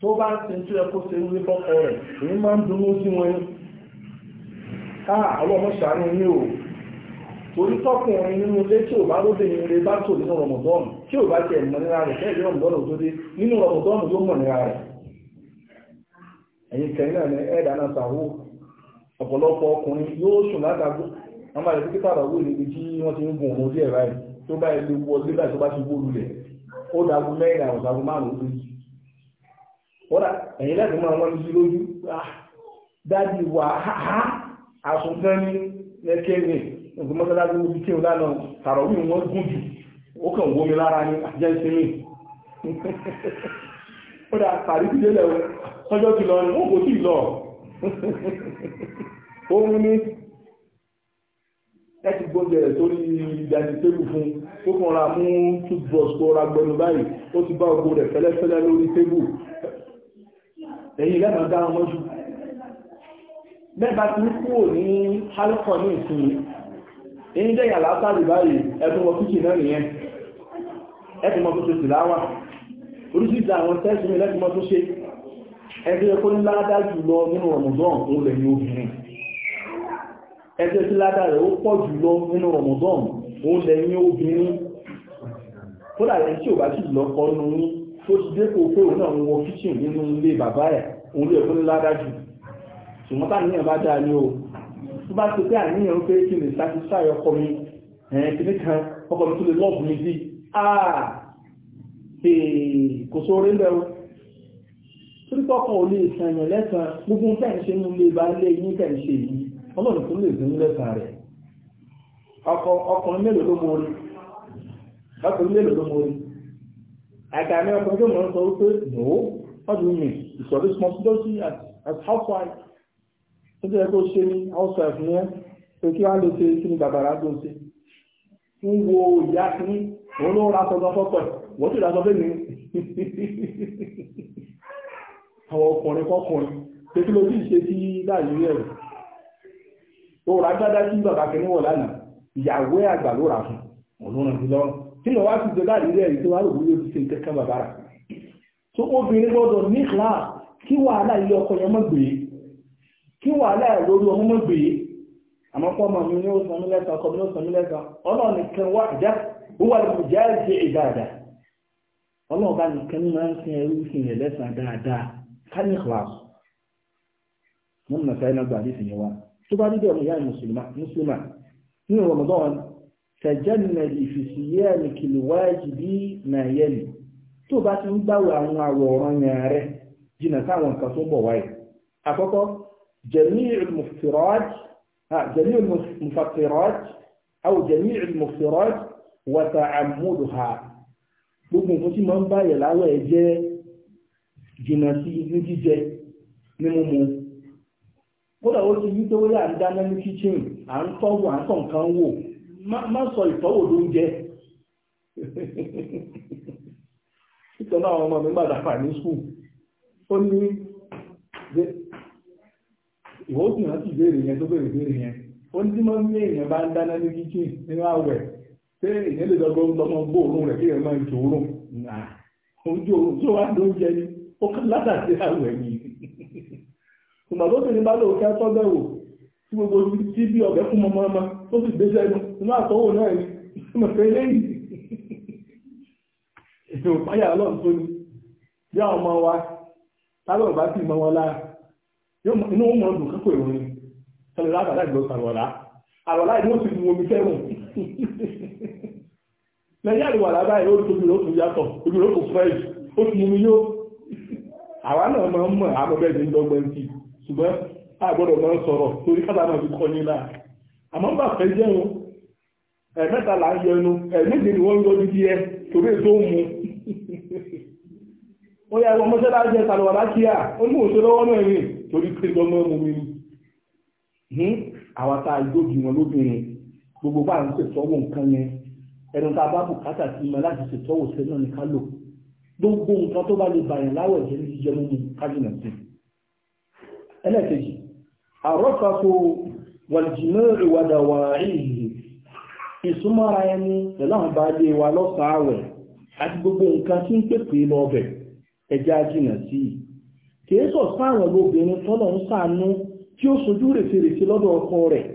tó bá ń sin tó yẹ kó ṣe wípé fọ́kọ rẹ̀ èyí máa ń dunú sí wọn a ah, ọlọ́mọ ṣàánú yín o torí tọkùnrin nínú ilé tí ò bá lóbìnrin rẹ bá tò nínú ọmọdọ́nù tí ò bá tiẹ̀ mọ̀ níra rẹ̀ kẹ́ẹ̀dẹ́ ọmọdọ́nù tó dé nínú ọmọdọ́nù yóò mọ̀ níra rẹ̀ ẹ̀yin kẹrin náà ní ẹ̀ẹ́dà náà sàwó ọ̀pọ̀lọpọ̀ ọkùnrin yóò sùn látàgbó wọ́n máa yẹ kí kíkà àbàwò níbi tí wọ́n ti ń gun òun díẹ̀ báyìí tó bá ilé wọ nígbà tó bá ti wó lulẹ̀ ó dàgbó mẹ́rin àwọn dàgbó márùn-ún lójú kódà ẹ̀yin láti máa wọ́n lójú lójú ah, dájú wà háhá àsùnkán ní lẹ́kẹ́rin nǹkan mọ́tàlájú níbi kí n lánàá tààrọ̀ wí wọ́n gùn jù ó kàn wómi lára ní àjẹ́sí mi ó dá kàrí sí délẹ̀ sọ́jọ́ ti lọ ní ó kò tí lọ ohun ní ẹ ti gbọ́jẹ̀ rẹ̀ sórí ìdájí tébù fún ó kàn ra mú toothbrush kó ra gbẹnu báyìí ó ti bá ogbó rẹ̀ fẹ́lẹ́fẹ́lẹ́ lórí tébù ẹ̀yìn lẹ́mọ̀ dá wọn jù mẹ́ta ti ń kúrò ní alcohol ní ìsinmi èyí jẹ́ yàrá sáàlì báyìí ẹ̀tún wọ kíkì náà nìyẹn ẹ̀tún mọ́ tó ṣe láwà oríṣìí àwọn tẹ́sùn ẹlẹ́gbẹ̀mọ́ tó ṣe ẹgbẹ́ ẹkọ́ ní ládá jùlọ nínú Ramadan òun lẹ̀ ní obìnrin ẹgbẹ́ tí ládá rẹ̀ ó pọ̀ jùlọ nínú Ramadan òun lẹ̀ ní obìnrin kódà rẹ̀ tí ò bá sì lọ kọ́ nínú ní tó ti dé kó pé òun náà ń wọ kíchìn nínú ilé bàbá ẹ̀ òun lẹ̀ ẹkọ́ ní ládá jù ṣùgbọ́n tá níyàn bá dáa ní o tó bá ti pé àníyàn pé kí lè satisfy ọkọ mi ẹ̀ẹ́n kìnnìkan ọkọ mi tó lè lọ́ọ̀bù mi sí ah kò sóore ń bẹ̀rù títọ́kọ̀ ò lè sànyàn lẹ́sàn gbogbo tẹ́ǹṣe ń lè bá lé yín tẹ́ǹṣe yìí ọlọ́run tó lè dín lẹ́sàn rẹ̀ ọkùnrin mélòó ló mórí ọkùnrin mélòó ló mórí àgàmì ọkùnrin no what do you responsibility as as housewife ó jẹ́ housewife ni ẹ́ pé kí wàá lè ṣe kí ni bàbá rà á wọ́n tó dájọ́ fẹ́mi àwọn ọkùnrin kọkùnrin pé kí ló sì ṣe sí láàrin rẹ̀ ó ra gbádá sí bàbá kẹ́ni lánàá ìyàwó àgbà ló rà fún ọlọ́run ti lọ́rùn kí ló wá sí ṣe láàrin rẹ̀ èyí tó wá lòdì yóò ṣe kẹ́kẹ́ bàbá rà tó obìnrin gbọ́dọ̀ ní kíláàsì kí wàhálà ilé ọkọ yẹn mọ̀ gbé kí wàhálà lórí ọmọ mọ̀ gbé àmọ́pọ̀ ọmọ mi ní ó sàmílẹ́ta ọkọ mi ní ó sàmílẹ́ta ọlọ́run nìkan wá ìjà ọlọ́ọ̀bá nìkan ní máa ń sin ẹrú sí ilẹ̀ lẹ́sàn dáadáa kánìklas wọn nà sáyẹn náà gbàdí ìsìn wa tó bá dídọ̀ ọmọ ìyá mùsùlùmá ní Ramadan tẹ̀jẹ́nà ìfìsìyẹ́ nìkìlì wáyé bí nàyẹ́lì tó bá ti ń gbáwò àwọn àwòrán yẹn rẹ jìnnà táwọn nǹkan tó bọ̀ wáyé àkọ́kọ́ jẹ̀míìl mufattirat àwọn jẹ̀míìl mufattirat wàtà àmúdùhà gbogbo nǹkan tí máa ń báyẹ̀ láwẹ̀ ẹ jẹ́ jìnnà sí ní jíjẹ ní mímu kódà ó ti yí pé wọ́n yà ń dáná ní kíchìn à ń tọ́wọ̀ à ń tàn kan wò má sọ ìtọ́wò ló ń jẹ nítorí àwọn ọmọ mi gbàdá fà ní skul ó ní ìwọ́sùn láti ìbéèrè yẹn tó béèrè ìbéèrè yẹn ó ní tí wọ́n ní èèyàn bá ń dáná ní kíchìn nínú àwẹ̀ ṣé ìyẹn lè dọ́gbọ́ lọ́mọ gbóòórùn rẹ̀ kí ẹ máa jò oorun náà ojú oorun tó wá ló ń jẹ ní ó kọ́ látàtí àwẹ̀ yìí ìgbà tó tẹ̀lé bá lò kí á tọ́ bẹ̀wò tí gbogbo tí bí ọ̀bẹ fún mọmọ ọmọ tó sì gbé sẹ́nu inú àtọ́wò náà ni mo fẹ́ lẹ́yìn ètò ìpáyà ọlọ́run tó ní bí àwọn ọmọ wa tábọ̀ bá sì mọ wọn lára inú wọn mọ̀ ọdún kápò ìròyìn tẹ̀lé lábàdà ìgbọ̀sàrọ̀lá àrọ̀lá ìdí lẹ́yìn àríwá lábáyé ó tóbi ló tún yàtọ̀ ojú ló tún fresh ó tún mú mi àwa náà máa ń mọ̀ àmọ́bẹ̀ ní dọ́gbọ́n sí ṣùgbọ́n máa ń sọ̀rọ̀ torí kátà náà fi kọ́ nílá àmọ́ bá fẹ́ jẹun ẹ̀mẹ́ta là ń yẹnu torí èso ń mu yà wọ́n mọ́ṣẹ́ láti ẹ̀ta lọ́wọ́ láti yà ó ní òṣè lọ́wọ́ náà rìn torí pé mu mi ni hmm? wọn lóbìnrin gbogbo bá ń ṣètọ́wò nǹkan yẹn ẹnu tá a bá bùkátà sí ma láti ṣètọ́wò sí náà ní ká lò gbogbo nǹkan tó bá lè bàyàn láwọ̀ jẹ́ ní jíjẹ mímu kájìnà sí. ẹlẹ́kejì àrọ́fàkó wàlìjìmọ́ ìwàdà wà ìhì ìsúnmọ́ra ẹni pẹ̀lú àwọn baálé wa lọ́sàn-án àwẹ̀ àti gbogbo nǹkan tí ń pèpè lọ ọbẹ̀ ẹja jìnà sí i kìí sọ̀sán àwọn tọ́lọ̀ ń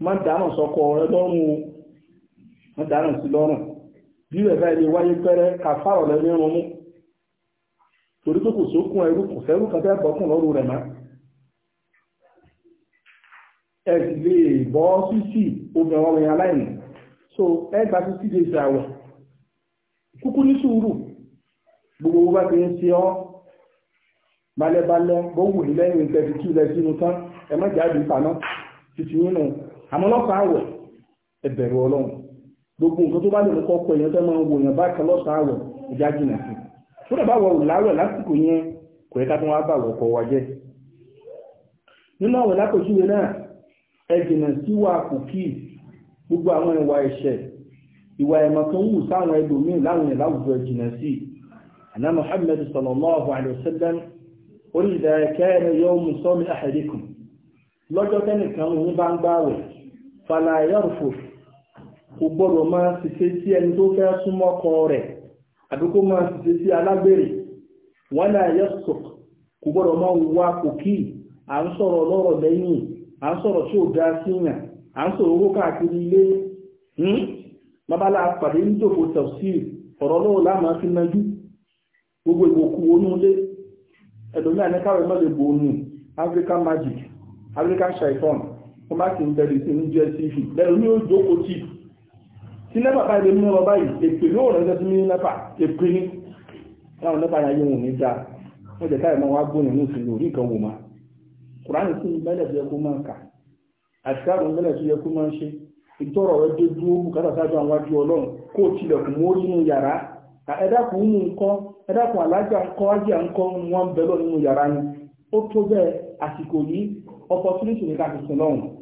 má dáná sọkọ rẹ lọ́rùn o má dáná sí lọ́rùn bí rẹ̀ báyìí lè wáyé pẹ́rẹ́ kàfàrọ̀ lẹ́nu ẹran mú torí pé kò sókun ẹrú kò fẹ́rú kan tẹ́ bọ́kùn lọ́rùn rẹ̀ má ẹ sì lè bọ́ sísì obìnrin ọmọ yẹn aláìní so ẹ gba sísì lè ṣe àwẹ̀ kúkú ní sùúrù gbogbo owó bá ti ń ṣe ọ́ balẹ̀balẹ̀ bó wù ní lẹ́yìn ìtẹ̀sí tí ilẹ̀ sínú tán ẹ má jáde ìpaná títí nínú àmọ́ lọ́sàn àwẹ̀ ẹ bẹ̀rù ọlọ́run gbogbo nǹkan tó bá lè kọ́ pé èèyàn fẹ́ máa ń wo èèyàn bákan lọ́sàn àwẹ̀ ìjà jìnà sí tó dẹ̀ bá wọ òláwẹ̀ lásìkò yẹn kò yẹ ká tó wá bà wọ̀ ọkọ̀ wa jẹ́ nínú àwẹ̀ lápòjúwe náà ẹ jìnà sí wa kò kí gbogbo àwọn ìwà ẹ̀ṣẹ̀ ìwà ẹ̀mọ̀ tó ń wù sáwọn ẹlòmíì láwọn ìláwùjọ jìnà sí àná Muhammad sallallahu alayhi wa sallam orí ìdá ẹ̀kẹ́ ẹ̀rẹ̀ yóò mú sọ́mi ahadikum lọ́jọ́ tẹ́nìkan òun bá ń gbáwẹ̀ falayarfo kò gbọ́dọ̀ máa ṣiṣẹ́ sí ẹni tó fẹ́ súnmọ́ kọ rẹ̀ àbí kó máa ṣiṣẹ́ sí alágbèrè wala yasuk kò gbọ́dọ̀ máa wá kòkí à ń sọ̀rọ̀ lọ́rọ̀ lẹ́yìn à ń sọ̀rọ̀ tí ò dá síyàn à ń sọ̀rọ̀ owó káàkiri ilé hmm? babalá pàdé ń ọ̀rọ̀ lọ́wọ́ fi nájú gbogbo ìwòkú onúlé ẹ̀dọ̀mí àníkàwẹ̀ mọ́lẹ̀ bòónù African kó má sì ń bẹ̀rẹ̀ sí ní jẹ́ tv lẹ́nu ní ó jókòó tì tí nẹ́pà bá ilé mímọ́ báyìí èpè ló rẹ̀ jẹ́ sí ní nẹ́pà èpè ní láwọn nẹ́pà yà yóò ní dáa wọ́n jẹ́ káyọ̀ máa wá gbóni ní nǹkan wò má kùránì sí ní bẹ́lẹ̀ tó yẹ kó máa kà bẹ́lẹ̀ tó yẹ kó máa ṣe ìtọ́rọ̀ dé dúró àwọn ọlọ́run kó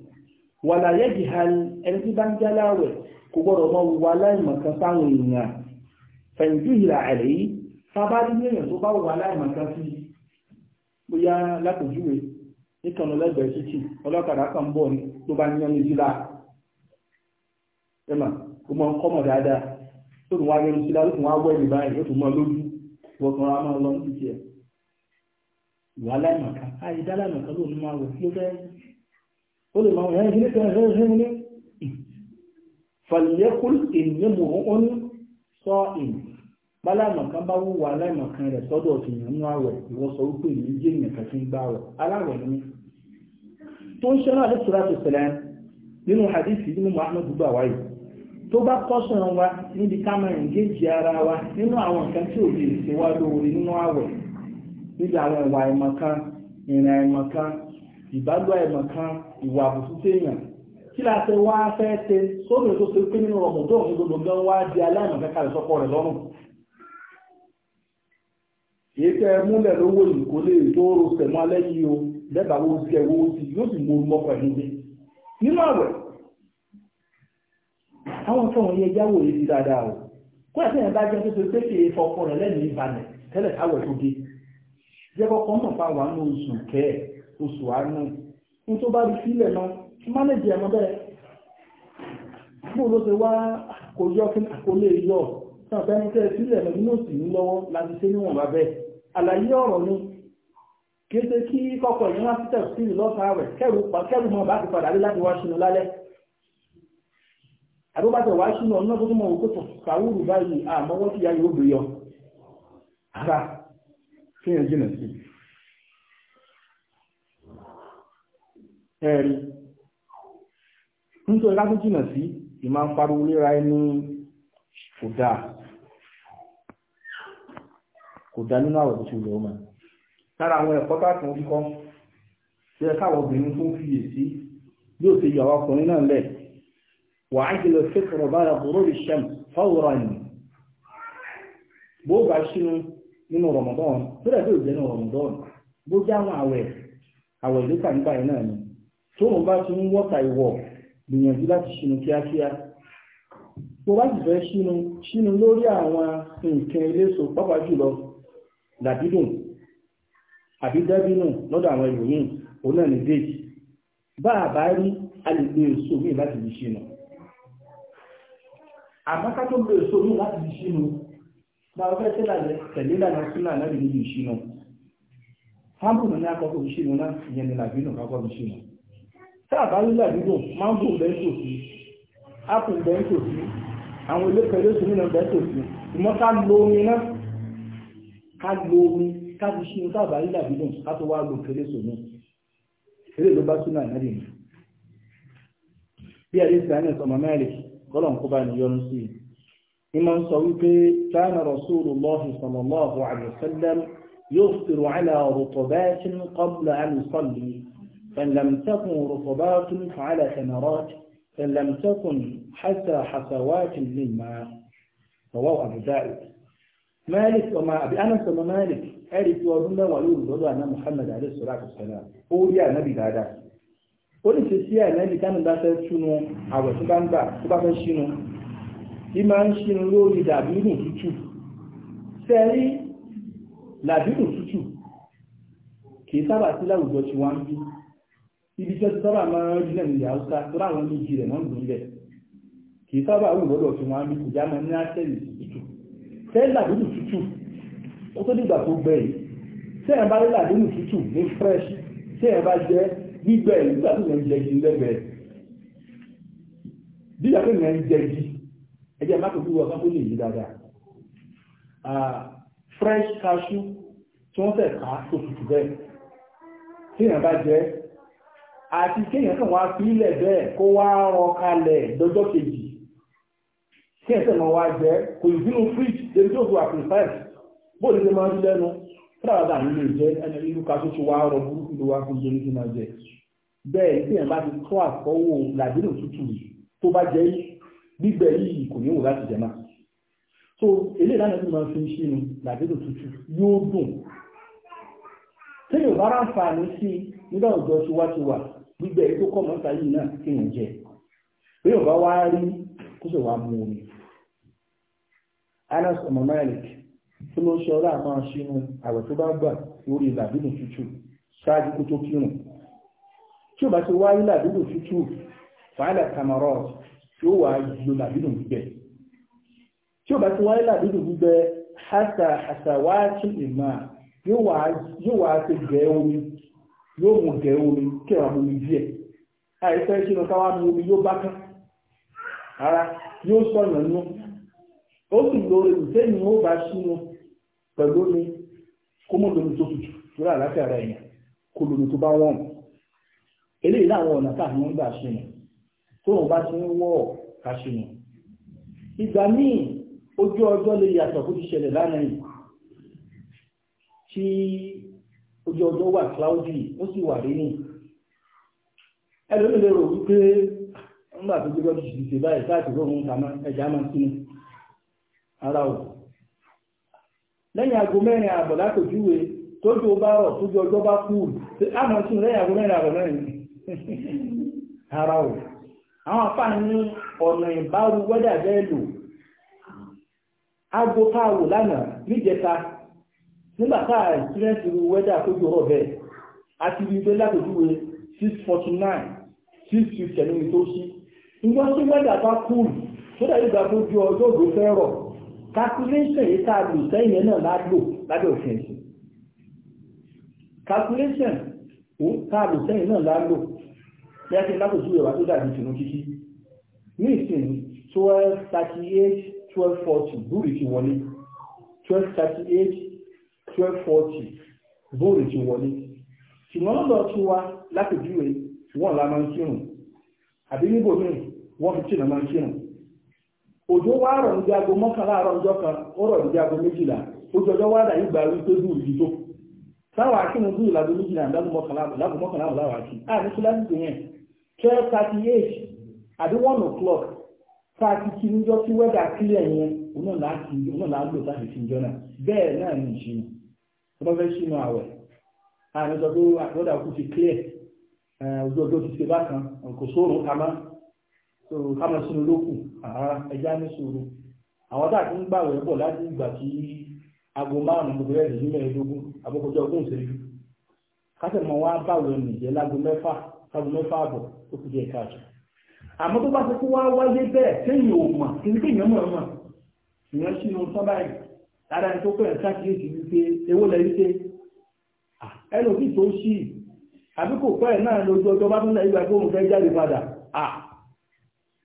wàlà yẹ́gì hàlì ẹni tí bá ń já láwẹ̀ kò gbọ́dọ̀ mọ́ wà láìmọ̀kan sáwọn èèyàn fẹ̀yìntì ìlà ẹ̀rẹ́ yìí sábà ní èèyàn tó bá wà láìmọ̀kan sí bóyá lápòjúwe nítorí lẹ́gbẹ̀ẹ́ títì ọlọ́kadà kan bọ̀ ní tó bá yán ní sílá ẹ̀mà ó mọ kọ́mọ̀ dáadáa tó tún wá yẹnu sílá ó tún wá wọ́ ẹ̀mí báyìí ó tún mọ lójú wọ́kàn ra wà ó lè máa yẹn ìdílé kan ẹ̀rẹ́ ẹ̀rẹ́ ní fàlẹ́kùn ènìyàn mọ̀ ó ní sọ ìlú bálàmọ̀ kan bá wúwo aláìmọ̀ kan rẹ̀ sọ́dọ̀ tìyàn nú àwẹ̀ ìwọ sọ wípé ìlú jẹ́ ìyàn kan tí ń gbá rẹ̀ aláwẹ̀ ní tó ń ṣẹ́nà àti sọ́dọ̀ tó ṣẹlẹ̀ nínú hadith nínú muhammadu gbà wáyé tó bá kọ́sọ̀rọ̀ wa níbi ká máa ń géèjì ara wa nínú àwọn nǹkan tí ò lè ṣe wá lóore nínú àwẹ̀ níbi àwọn ìwà ìmọ̀ kan ìrìn àìmọ̀ kan ìbálò àìmọ̀ kan ìwà àbùkù téèyàn kí la fẹ́ wá fẹ́ tẹ sóbì tó ṣe pé nínú ọmọ tó ń gbogbo gan wá di aláìmọ̀ kẹ́kà rẹ̀ sọ́kọ rẹ̀ lọ́rùn èyí tẹ múlẹ̀ lówó ìkó lè tó ro sẹ̀mọ́ alẹ́ yìí o lẹ́bàá wo ti ẹ̀wọ́ ti yóò sì mú ọmọ pẹ̀lú mi nínú àwẹ̀ àwọn tó wọ̀nyí ẹja wòye ti dáadáa o kó ẹ̀ tẹ́yìn bá jẹ́ tó ṣe pé kì í fọkọ rẹ̀ lẹ́nu ìbalẹ̀ tẹ́lẹ̀ káwẹ̀ tó dé jẹ́ kọ́kọ́ mọ̀ fáwọn oṣù kẹ́ẹ̀ oṣù àánú ní tó bá rí sílẹ̀ náà mánéjì ẹ̀mọ́ bẹ́ẹ̀ bó ló ṣe wá àkójọ fún àkólé yọ náà bẹ́ni tẹ́ sílẹ̀ lọ nínú òsì ní lọ́wọ́ láti ṣe níwọ̀n bá àlàyé ọ̀rọ̀ ni kéde kí kọ́kọ́ ìyẹn wá sí tẹ̀síìlì lọ́sàn-án rẹ̀ kẹ́rù mọ́ bá ti padà lé láti wá sínú lálẹ́ àbúbátẹ̀ wá sínú ọ̀nà tó túnmọ̀ ẹ̀rí nítorí látún jìnà sí ìmá ń pariwo léra ẹni kò dáa kò dáa nínú àwọ̀ tó ṣùgbọ́n ọmọ lára àwọn ẹ̀kọ́ tààtùn kíkọ́ ṣe káwọ̀ obìnrin tó ń fiyè sí yóò ṣe yàwó ọkùnrin náà lẹ̀ wà á jẹ́ lọ sí kọ̀rọ̀ bá rẹ̀ bọ̀rọ̀ ṣẹ́m fọ́wọ́rọ̀ ẹ̀yìn bó bá ṣínú nínú Ramadan tó rẹ̀ tó jẹ́ nínú Ramadan bó jẹ́ àwọn àwẹ̀ àwẹ̀ lókà nígbà tóun bá ti ń wọ́ta ìwọ̀ gbìyànjú láti ṣínú kíákíá tó bá sì fẹ́ ṣínú ṣínú lórí àwọn nǹkan eléso pápá jùlọ dàbídùn àbí dàbínù lọ́dọ̀ àwọn ìròyìn òun náà ní déèjì bá a bá rí a lè lo èso míì láti fi ṣínú àmọ́ ká tó lo èso míì láti fi ṣínú bá a fẹ́ tẹ́lẹ̀ tẹ̀lé lànà sínú àná ìròyìn ìṣínú fáńpù náà ní akọ́kọ́ ìṣínú náà ìyẹn ní làbínù kákọ́ ìṣínú sáàbá nílẹ̀ dídùn máńgò bẹ́ńtò sí ápù bẹ́ńtò sí àwọn ilé pẹ̀lú oṣù nínú bẹ́ńtò sí ìmọ̀ ká lo omi náà ká lo omi ká fi ṣe sáàbá nílẹ̀ dídùn ká tó wá lo kéré sòmù eré ló bá súnà náà nìyí bí ẹ̀rí sàn ní ọmọ mẹ́rin kọ́lọ̀ ń kó bá ní yọrù sí i ìmọ̀ ń sọ wípé kana rasulullah فلم تكن رطبات على ثمرات فلم تكن حتى حسوات للماء رواه أبو داود مالك وما أبي أنس وما مالك أريد وأظن ويقول رضا أن محمد عليه الصلاة والسلام هو يا نبي دادا ó lè ṣe sí àìlẹ́bí tánà bá fẹ́ túnú àwẹ̀ tó bá ń gbà tó bá fẹ́ ṣínú tí máa ń ṣínú lórí dàbírù ibi tẹ́ sábà máa ń rí náà ní haúsá tó láwọn ní ìjì rẹ̀ náà ń gbìnlẹ̀ kì í sábà wù lọ́dọ̀ tí wọ́n á ní kùjá máa ní àtẹ́lì tútù tẹ́lá dúdú tútù ó tó dìgbà tó gbẹ yìí tẹ́yìn bá lélà dúdú tútù ní fresh tẹ́yìn bá jẹ́ gbígbẹ yìí nígbà tó yẹn jẹ igi lẹ́gbẹ̀ẹ́ bí ìyá pé yẹn jẹ igi ẹjẹ má tóbi wọ káfó lè yí dáadáa fresh cashew tí wọ́n fẹ́ ká tó tútù bẹ́ẹ̀ tẹ́yìn bá jẹ́ àti kéèyàn kan wá fi ilẹ̀ bẹ́ẹ̀ kó wá rọ kalẹ̀ lọ́jọ́ kejì kéèyàn tẹ̀ mọ́ wá jẹ́ kò ì sínú fridge débi tó fi wà precise bó ní ṣe máa rí lẹ́nu fúláwàdà ní lè jẹ́ ẹni irú ká tó ṣe wá rọ burúkú ló wá fún jẹ́ máa jẹ bẹ́ẹ̀ kéèyàn bá ti tó àkọ́wò làbínú tútù tó bá jẹ́ gbígbẹ yìí kò ní wò láti jẹ náà so eléyìí lánàá tí máa fi ń ṣínú làbínú tútù yóò dùn tí yóò bá ráǹfà ní sí nígbà òjò ṣe wá ti wà gbígbẹ tó kọ mọta yìí náà kéèyàn jẹ bí yóò bá wá rí kó sì wá mú omi anas ọmọ malik tó ló ṣe ọlá àmọ́ sínú àwẹ̀ tó bá gbà lórí làbínú tútù ṣáájú kó tó kírun tí ó bá ti wáyé làbínú tútù fàálà camarot tí ó wà lo làbínú gbígbẹ tí ó bá ti wáyé làbínú gbígbẹ hasa hasa wáá tún ìmọ̀ yóò wá ṣe gbẹ omi yóò mú gẹ̀ omi kẹwàá mú mi díẹ̀ àìfẹ́ sínú káwá mú omi yóò bá kán ara yóò sọ̀nà nú ó sì lórí ìfẹ́ ni ó bá sínú pẹ̀lú omi kó mú lómi tó tutù tó rà láti ara ẹ̀yà kó lómi tó bá wọ̀n eléyìí láwọn ọ̀nà tá àwọn gbà sínú tó wọn bá ti ń wọ̀ ká sínú ìgbà míì ojú ọjọ́ lè yàtọ̀ kó ti ṣẹlẹ̀ lánàá yìí tí ojú ọjọ́ wà cloudy ó sì wà rínì ẹlòmí lè rò wípé nígbà tó gbégbé ti ṣìṣe báyìí káàkì lóhun kàmá ẹja máa sínú ara ò lẹ́yìn aago mẹ́rin ààbọ̀ látòjúwe tójú bá rọ̀ tójú ọjọ́ bá kú àmọ́ sínú lẹ́yìn aago mẹ́rin ààbọ̀ mẹ́rin ara ò àwọn afá ní ọ̀nà ìbáru wẹ́dà bẹ́ẹ̀ lò aago káàwò lánàá níjẹta nígbà tá a experience irú weather tó jọ rọ̀ bẹ́ẹ̀ a ti rí i pé látòjúwe six forty nine six fifty ẹ̀mí mi tó sí ìgbọ́n tí weather bá cool tó dàbí ìgbà tó ju ọjọ́ òjò fẹ́ rọ̀ calculation yìí tá a lò sẹ́yìn yẹn náà lálò lábẹ́ òfin ẹ̀sìn calculation òun tá a lò sẹ́yìn náà lálò lẹ́yìn tí látòjúwe wà tó dàbí tìǹbù kíkí ní ìsìn twelve thirty eight twelve forty búrì ti wọlé twelve thirty eight 12:40 forty bóòlù ti wọlé ṣùgbọ́n lọ́dọ̀ tí wa láti júwe wọ́n la máa ń kírun àbí níbo míì wọ́n fi tìǹà máa ń kírun òjò wá rọ̀ ní aago mọ́kànlá àárọ̀ ọjọ́ kan ó rọ̀ ní méjìlá ojú ọjọ́ wá dà yìí tó akínú ìlàgbé méjìlá mọ́kànlá yẹn twelve tó bá n'awo ṣìnà àwẹ̀ àárín sọ pé àtọ́dà kú ti ti ṣe bákan kò sóòrùn kamá kamá sínú loku àárá ẹja ní soro àwọn tá a ti ń gbà wẹ̀ bọ̀ láti ìgbà tí aago márùn-ún gbogbo rẹ̀ ní ìṣẹ́jú wa báwẹ̀ nìjẹ́ lágo mẹ́fà mẹ́fà àbọ̀ lára ẹni tó pẹ̀ ẹ̀ ṣàkíyèsí wípé ewó lẹ wípé ẹnu bí tó ṣì àbí kò pẹ́ ẹ̀ náà lójú ọjọ́ bá tún lẹ́yìn ìgbà tó ń fẹ́ jáde padà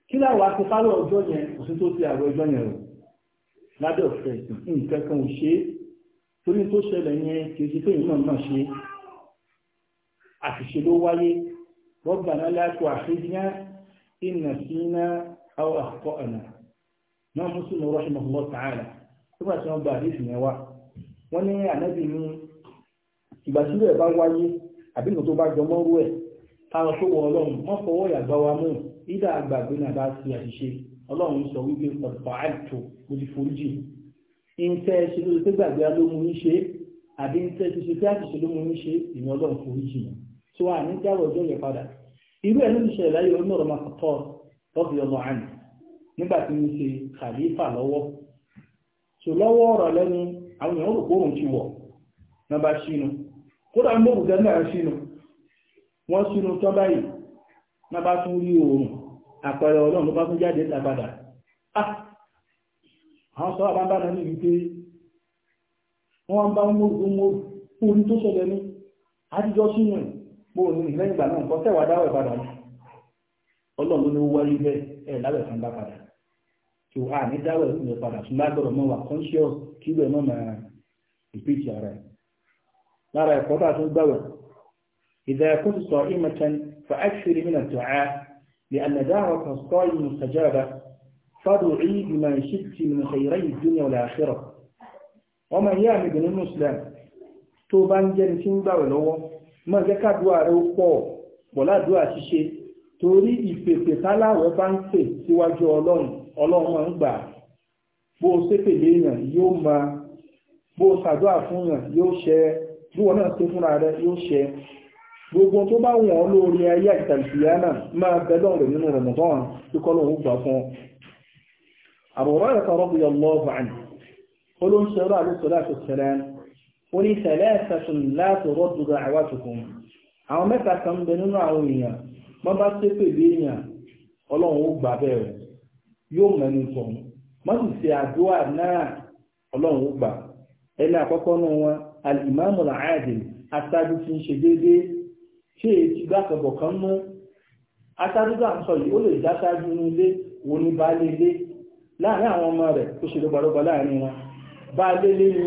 kí láwọn àti fálọ̀ ọjọ́ yẹn kò sí tó ti àwọ̀ ọjọ́ yẹn rò lábẹ́ òfin ẹ̀sìn nǹkan kan ò ṣe é torí tó ṣẹlẹ̀ yẹn kì í ṣe pé ìmọ̀ náà ṣe àṣìṣe ló wáyé rọ́bà náà láti àṣíjá ìnà sí iná àwọn àkọ́ ọ̀nà náà mú sínú rọ́ṣùmọ̀ lọ́tàálà nígbà tí wọ́n gba àdéhùn yẹn wá wọ́n ní ànábì ní ìgbà tí rẹ̀ bá wáyé àbí nǹkan tó bá jọmọ́ rú ẹ̀ táwọn tó wọ ọlọ́run wọ́n fọwọ́ ìyàgbá wa mú ìdá àgbàgbé náà bá ti àṣìṣe ọlọ́run sọ wípé ọ̀pọ̀ àìtò lórí foríjì ìǹtẹ́ ṣe ló ṣe gbàgbé ló mú ṣe àbí ìǹtẹ́ ṣe ṣe àṣìṣe ló mú ní ṣe ìyẹn ọlọ́run foríjì tí wọ́n àní jáwọ́ ọjọ́ yẹn padà irú ẹ̀ ló ń ṣẹlẹ̀ láyé ọmọ ọmọ àná so lọ́wọ́ ọ̀rọ̀ lẹ́ni àwọn èèyàn rò kóòrùn ti wọ̀ náà bá sínú kódà ń bòkùtẹ́ náà sínú wọ́n sínú tán báyìí bá tún rí oòrùn àpẹẹrẹ ọlọ́run ló bá tún jáde ta padà ah! àwọn sọ àbábá náà ní wípé wọ́n bá tó ṣẹlẹ̀ ní àtijọ́ tí wàá ní dáwọ̀ ẹ̀kún rẹ̀ padà fún lágbọ̀rọ̀ mọ́ wà conscious kí rẹ̀ mọ́ máa repeat ara ẹ̀ lára ẹ̀kọ́ bá tún gbàwẹ̀ ìdá ẹ̀kún ti sọ ìmọ̀tẹ́ni fa ẹ́kṣìrì mìíràn tó á lè ànàdáwọ̀ kan sọ ìmù sàjáàbá fádùn rí ìgbìmọ̀ ìṣíkì min khayrayi dunya wal akhirah ọmọ ìyá mi bìnrin muslim tó bá ń jẹ́ni tí ń gbàwẹ̀ lọ́wọ́ máa jẹ́ kádùá rẹ̀ pọ̀ pọ̀ ládùá torí ìpèpè táláwẹ̀ bá ń pè síwájú ọlọ́run ọlọ́run máa ń gbà bó o ṣépèlé èèyàn yóò máa bó o ṣàdúrà fún èèyàn yóò ṣe bí wọn náà ṣe fúnra rẹ yóò ṣe gbogbo tó bá wọ̀n lórí ayé àtàlùfíà náà máa bẹ́lọ̀ rẹ̀ nínú Ramadan tí kọ́lọ̀ ó gbà fún Abu Hurairah radiyallahu anhu olóńṣẹ́rọ̀ àlùsọ̀láṣọ̀ sẹ́lẹ̀ ó ní sẹ́lẹ̀ ṣàṣùn láti rọ́dù da'awatukum àwọn mẹ́ta kan bẹ nínú àwọn èèyàn wọ́n bá ṣépè bí èèyàn ọlọ́run ó gbà bẹ́ẹ̀ yóò mẹ́nu sọ̀hún mọ́tò ṣe àdúrà náà ọlọ́run ó gbà ẹni àkọ́kọ́ náà wọn alìmáàmù làádìl aṣáájú ti ń ṣe déédéé ṣé èyí kan mú aṣáájú tó à ń sọ yìí ó lè dá aṣáájú inú ilé baálé ilé láàrin àwọn ọmọ rẹ̀ ṣe lọ́gbàlọ́gbà láàrin wọn baálé ilé ni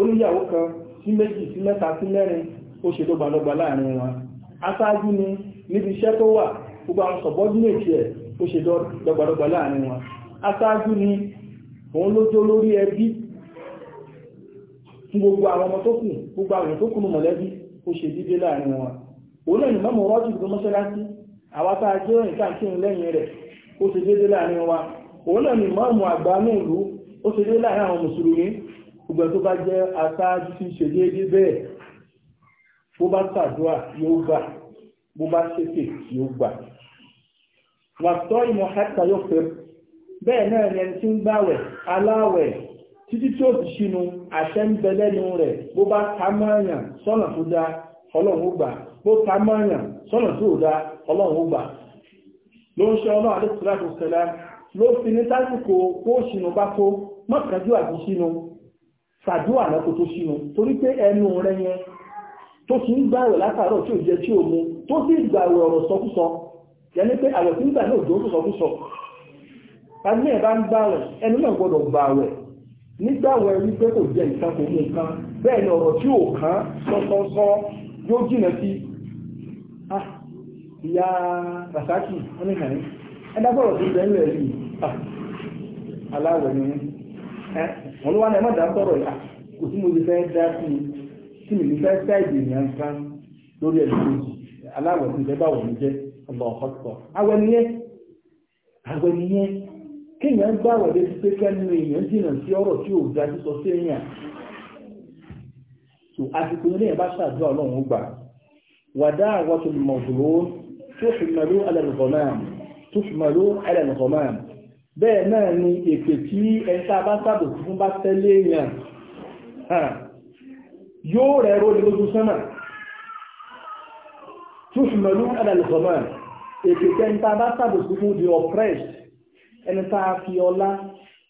oníyàwó kan sí méjì sí mẹ́ta sí mẹ́rin ó ṣe lọ́gbàlọ́gbà láàrin wọn ni níbi iṣẹ́ tó wà ó ṣe dọ́gbàdọ́gbà láàrin wọn aṣáájú ni òun ló tó lórí ẹbí fún gbogbo àwọn ọmọ tó kù gbogbo àwọn tó kùnù mọ̀lẹ́bí ó ṣe dídé láàrin wọn òun lẹ́yìn mọ́mọ́ rọ́jù tó mọ́ṣáláṣí àwátá jẹ́ ìta kírun lẹ́yìn rẹ̀ ó ṣe dídé láàrin wa òun lẹ́yìn wàtọ́ ìmọ̀ ẹ̀ta yóò fẹ́ bẹ́ẹ̀ náà ni ẹni tí ń gbàwẹ̀ aláwẹ̀ títí tí ó ti ṣínú àṣẹ ń bẹ lẹ́nu rẹ̀ bó bá ta mọ́ọ̀yàn sọ́nà tó dáa ọlọ́run ó gbà bó ta mọ́ọ̀yàn sọ́nà tó dáa ọlọ́run ó gbà ló ń ṣe ọlọ́run àdékùnrin àtòsẹ̀lá ló fi ní tásìkò kó ṣínú bá tó mọ́kànjú àti ṣínú ṣàdúrà náà kó tó ṣínú torí pé ẹnu rẹ yẹn tó ti ń gbàwẹ̀ látàárọ̀ tí ò jẹ tí ò mu tó sì gbàwẹ̀ ọ̀rọ̀ sọkúsọ yẹni pé àwẹ̀ tí ń gbà náà jọ òṣùsọ fún sọ tàbí ẹ̀ bá ń gbà rẹ̀ ẹni náà gbọ́dọ̀ gbà rẹ̀ nígbàwẹ̀ rí pé kò jẹ nǹkan kò mú nǹkan bẹ́ẹ̀ ni ọ̀rọ̀ tí ò kán sọ́sọ́sọ́ yóò jìnà sí ah, ìyá rasaki tó bẹ́ẹ̀ lẹ̀ rí aláwẹ̀ ni wọ́n ló wá ní yà ah, kò mo lè fẹ́ dá sí i mi lè fẹ́ ọlọ́ọ̀kọ́ àwẹ̀ nìyẹn àwẹ̀ nìyẹn kéèyàn ń gbàwẹ̀ lé sí pé kẹ́nu èèyàn jìnà sí ọ̀rọ̀ tí ò ga sísọ sí èèyàn so àsìkò ilé yẹn bá ṣàdúrà ọlọ́run gbà wàdá àwọn tó mọ̀ dúró tó fi mọ̀lú alẹ́lùkọ̀máàm tó fi mọ̀lú alẹ́lùkọ̀máàm bẹ́ẹ̀ náà ni èpè tí ẹ̀ta bá sábò fún bá tẹ́lé èèyàn yóò rẹ̀ ró ní túnṣùmọ̀lú ẹ̀dàlùfọ̀mọ̀ ètò tẹ́ntà bá sàbòsí fún the oppressed ẹni tá a fi ọlá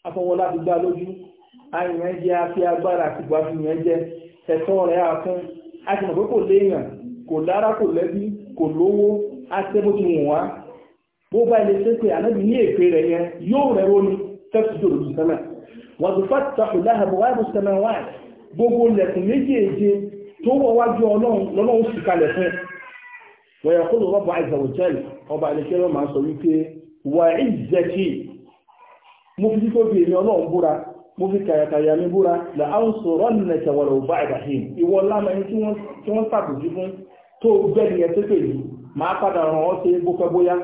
afọwọ́lá ti gbá lójú ayìnrìn jẹ́ a fi agbára àti ìgbà fi yẹn jẹ ẹ̀tọ́ rẹ̀ àfún àti mọ̀ pé kò léèyàn kò lára kò lẹ́bí kò lówó àti bó ti wọ̀n wá bó bá ilé ṣe pé ànábì ní èpè rẹ̀ yẹn yóò rẹ̀ ró ni fẹ́ẹ̀sì tó lòdì sẹ́mẹ̀ wọ́n ti fà tàkù láhàbọ̀ wáyé bó sẹ́mẹ̀ wáyé gbogbo lẹ̀kùn méjèèje tó wọ́ wájú ọlọ́run lọ́lọ́run sì kalẹ̀ fún wọ́n yà kó ló rọ́bù àìsàwòjẹ́lì ọba àlekẹ́rọ máa sọ wípé wà ìzẹ́kì mo fi tó bí èmi ọlọ́run búra mo fi kàyàkàyà mi búra là á ń sọ̀rọ̀ nìkẹ̀ wọ̀rọ̀ òbá ìbàhìn ìwọ lámà ẹni tí wọ́n sàbòjú fún tó gbẹ́ni ẹ̀ tẹ́tẹ̀ yìí máa padà ràn ọ́ sí bópẹ́ bóyá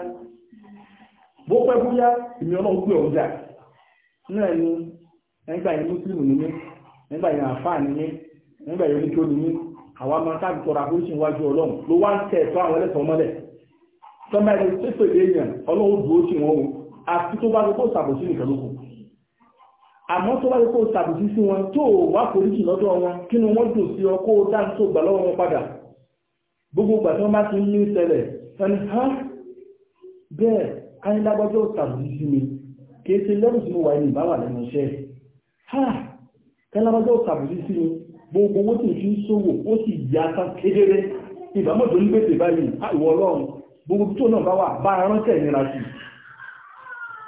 bópẹ́ bóyá èmi ọlọ́run gbé ọjà náà ni nígbà yẹn mùsùlùmí ni mí nígbà yẹn àfáà ni mí nígbà yẹn oníkó ni mí àwa máa tábì tọrọ àforíṣi iwájú ọlọ́run ló wá ń tẹ̀ ẹ̀tọ́ àwọn ẹlẹ́tọ̀ọ́ mọ́lẹ̀ tọ́mọ ẹni tó pè é yàn ọlọ́run dúró sí wọn o àti tó bá kó sàbòsí nìkan ló kù àmọ́ tó bá kó sàbòsí sí wọn tó wá foríṣi lọ́dọ̀ wọn kí ni wọ́n dùn sí ọ kó dá tó gbà lọ́wọ́ wọn padà gbogbo ìgbà tí wọ́n bá ti ń ní ṣẹlẹ̀ ẹni ha bẹ́ẹ̀ ayélágbájọ́ sàbòsí sí mi kì í ṣe lẹ́rù tí mo wà ní ìbáwà lẹ́nu iṣẹ́ ha ayélágbájọ́ sàbòsí sí mi gbogbo owó tó fi ń ṣòwò ó sì yá tán kedere ìbámọ̀ tó ń gbèsè báyìí àìwọ̀ ọlọ́run gbogbo tó náà bá wà bá aránṣẹ́ ìnira sí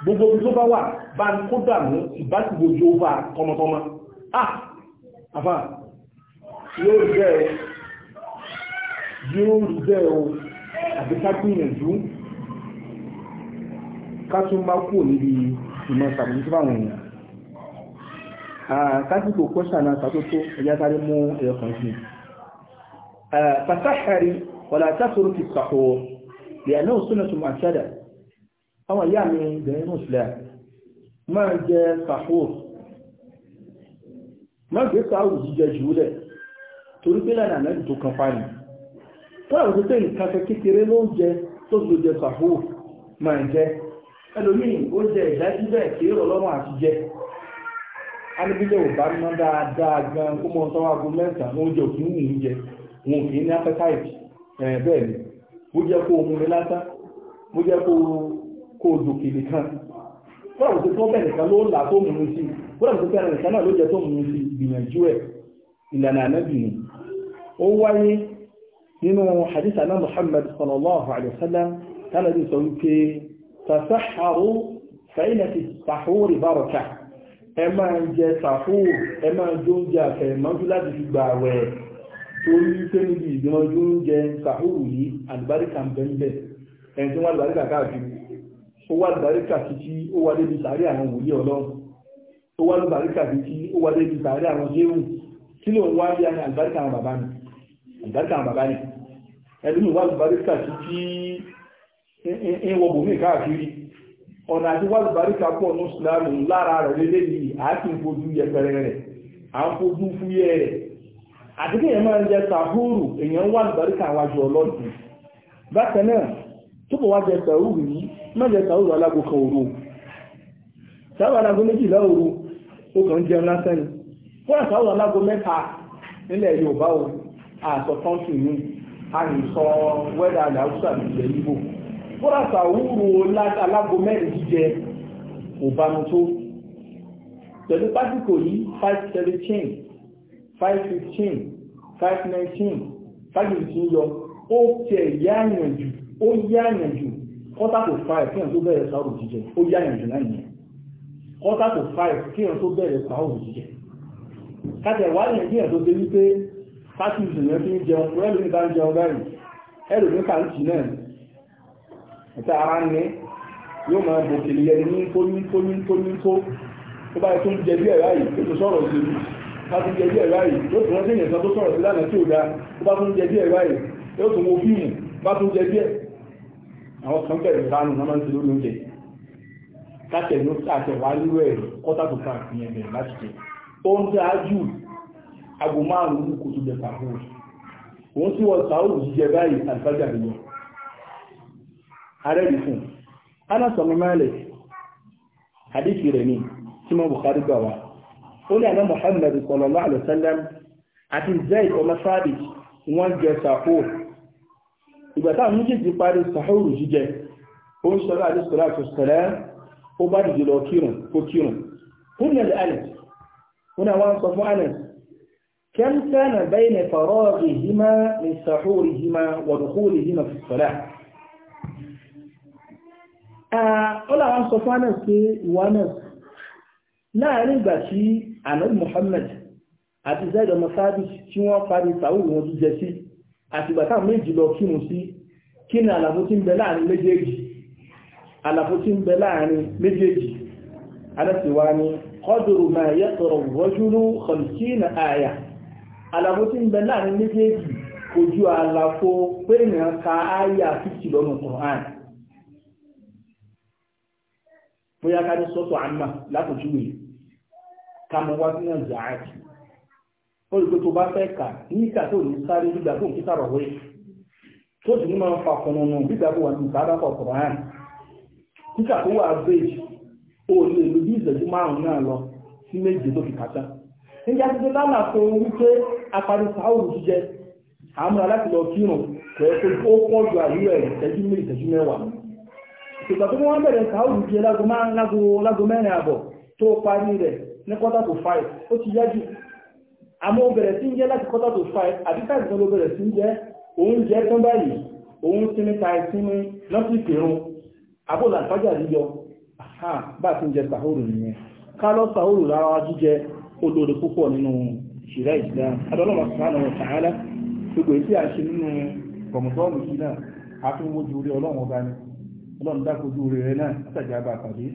gbogbo tó bá wà bá ń kó dàmú ìbátìgbòjò bá tọmọtọmọ ah àfà yóò jẹ́ yóò rí o àti ká gbìyànjú ká tún bá kúrò níbi ìmọ̀ sàbùkú fáwọn èèyàn kásìkò kọ́ṣà náà sàtótó ẹjá sáré mú ẹ̀yọkàn sí fasahari wàlá tásòrò ti sàkó lè náà súnà tó máa ṣádà àwọn ìyá mi bẹ̀rẹ̀ mùsùlẹ̀ máa jẹ sàkó máa gbé sàárù jíjẹ jù lẹ̀ torí pé lánàá náà tó kan fáyìn wọ́n àwọn òṣèlú nǹkan fẹ́ kékeré ló ń jẹ tó ló jẹ sàkó máa jẹ ẹlòmíì ó jẹ ìdájú bẹ́ẹ̀ kéré ọlọ́run àti jẹ alibíjẹ́ ò bá ná dáadáa gan kó mọ sọ́wọ́ aago mẹ́sàn-án oúnjẹ ò kí ń wù ń jẹ wọn kì í ní appetite ẹ̀ bẹ́ẹ̀ ni bó jẹ́ kó o múni lásán bó jẹ́ kó o dòkè nìkan fúnra kò sí tó bẹ́ẹ̀ nìkan ló là tó múni sí fúnra kò sí tó bẹ́ẹ̀ nìkan náà ló jẹ tó múni sí gbìyànjú ẹ̀ ìlànà ànábì ó wáyé nínú hadith aná Muhammad sallallahu alayhi wa sallam tánàbí sọ wípé tasaharu fa'inati sahuri baraka ẹ máa ń jẹ sàfóò ẹ máa ń jó oúnjẹ àfẹ̀mọ́jú láti fi gbà àwẹ̀ torí pé níbi ìgbìyànjú oúnjẹ sàfóò yìí àlùbáríkà ń bẹ́ ń bẹ̀ ẹni tí wọ́n àlùbáríkà káàkiri ó wá àlùbáríkà títí ó wá débi sàárẹ̀ àwọn wòlíì ọlọ́run ó wá àlùbáríkà títí ó wá débi sàárẹ̀ àwọn jéhùn kí ló ń wá bí i àlùbáríkà àwọn bàbá ni àlùbáríkà àwọn bàbá ni ẹni tí wọ́n wá àlùbáríkà títí ń wọ bòmí káàkiri ọ̀nà àti wà lùbáríkà pọ̀ ní ìsìlámù lára rẹ̀ a kì ń fojú yẹpẹrẹ rẹ̀ a ń fojú fúyẹ́ rẹ̀ àti kí máa ń jẹ sàhóòrù èèyàn wà lùbáríkà wájú ọlọ́dún bákan náà wá jẹ sàhóòrù yìí má jẹ sàhóòrù alágo kan òru méjìlá òru ó kàn lásán ni mẹ́ta nílẹ̀ Yorùbá o àsọ kọ́ńtì mi fúrasà wúrò alágo mẹ́rin jíjẹ kò bá mu tó pẹ̀lú pásítọ̀ yìí five seventeen five fifteen five nineteen five eighteen yọ ó tẹ̀ yáàyànjú ó yáàyànjú quarter to five kí n tó bẹ̀rẹ̀ sáwọ́ jíjẹ ó yáàyànjú náà nìyẹn quarter to five kí n tó bẹ̀rẹ̀ sáwọ́ jíjẹ kájẹ̀ wà ní ẹgbẹ́ tó dé wípé pásítọ̀ yẹn fi ń jẹun pẹ̀lú ìbá ń jẹun báyìí ẹlòmíkà ń tì náà ìta ara ń ní yóò máa gòkè lẹ́nu ní tó ní tó ní tó ní tó tó bá tó ń jẹ bí ẹ̀rá yìí tó tó sọ̀rọ̀ ìṣèlú bá tó ń jẹ bí ẹ̀rá yìí yóò tún rántí ìyẹ̀sán tó sọ̀rọ̀ sí lánàá tí ò dáa tó bá tó ń jẹ bí ẹ̀rá yìí yóò tún wo fíìmù bá tó ń jẹ bí ẹ̀ àwọn kan bẹ̀rẹ̀ ránù náà máa ń ṣe lórí oúnjẹ kátẹ̀lú àtẹ̀wá lúrú ẹ̀rọ kọ́tà tó kàn fi ẹ̀bẹ̀ láti jẹ ó arẹ́rì fún anásọ̀mọ́ mẹ́lẹ̀ hadithi rẹ̀ ni tí mọ́ Bukhari gbà wá ó ní àná Muhammad sallallahu alaihi wasallam àti Zaid ọmọ Sabit wọ́n jẹ sahur ìgbà táwọn méjèèjì parí sahur jíjẹ ó ń sọ̀rọ̀ àti sọ̀rọ̀ àti sọ̀rọ̀ ó bá dìde lọ kírun kó kírun ó ní ó làwọn sọ fún anas pé ìwà náà láàrin ìgbà tí anabi muhammad àti zaid ọmọ sábì tí wọ́n parí sàúrù wọn jíjẹ sí àti ìgbà táwọn méjì lọ kírun sí kí ni àlàfo tí ń bẹ láàrin méjèèjì àlàfo tí ń bẹ láàrin méjèèjì anas wa ni qadru ma yaqra ar-rajulu khamsina àlàfo tí ń bẹ láàrin méjèèjì kò ju àlàfo pé ènìyàn ka aya 50 lọ́nà Qur'an bóyá ká ní sọ́tọ̀ àmà lápòjúwe ká mọ wá sínú ẹ̀jẹ̀ àti olùgbé tó bá fẹ́ kà ní ìkà tó ní sáré gbígbà tó ń kíkà rọ̀ wẹ́ tó sì ní máa fa kọ̀nọ̀nà gbígbà tó wà ní ìsára pọ̀ kọ̀rọ̀ hàn kíkà tó wà bẹ́ẹ̀jì ó lè lo bí ìṣẹ́jú márùn-ún náà lọ sí méje tó fi kàtá lánà tó ń apari sáwùrù ìgbà tó wọ́n bẹ̀rẹ̀ sàúrù jẹ́ lágo mẹ́rin àbọ̀ tó parí rẹ̀ ní quarter to five ó ti yájú àmọ́ bẹ̀rẹ̀ sí ń jẹ́ láti quarter to five àbíká ló bẹ̀rẹ̀ sí ń jẹ́ òun jẹ́ tán báyìí òun ta ìsinmi lọ́sí yíyọ bá ti ń jẹ nìyẹn ká lọ sàúrù lára wa jíjẹ olóore púpọ̀ nínú ìṣẹ̀lẹ̀ ìṣẹ̀lẹ̀ adọ́lọ́mọ̀ sàánà ọ̀tàálá gbogbo èsì àṣẹ nínú gọ̀mọ̀tọ́ọ̀lù yìí náà a wojú orí ọlọ́run dákojú rẹ̀ náà látàjà bá pàdé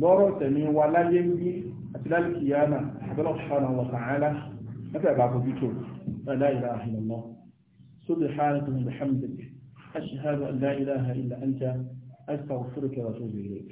lọ́rọ̀ tẹ̀mí wa láyé ń bí àti lálùkìyàmà àbẹ́lọ́ subhanahu wa ta'ala látàjà bá fojú tó la ilaha illallah subhanaka wa bihamdika ashhadu an la ilaha illa anta astaghfiruka wa atubu ilayk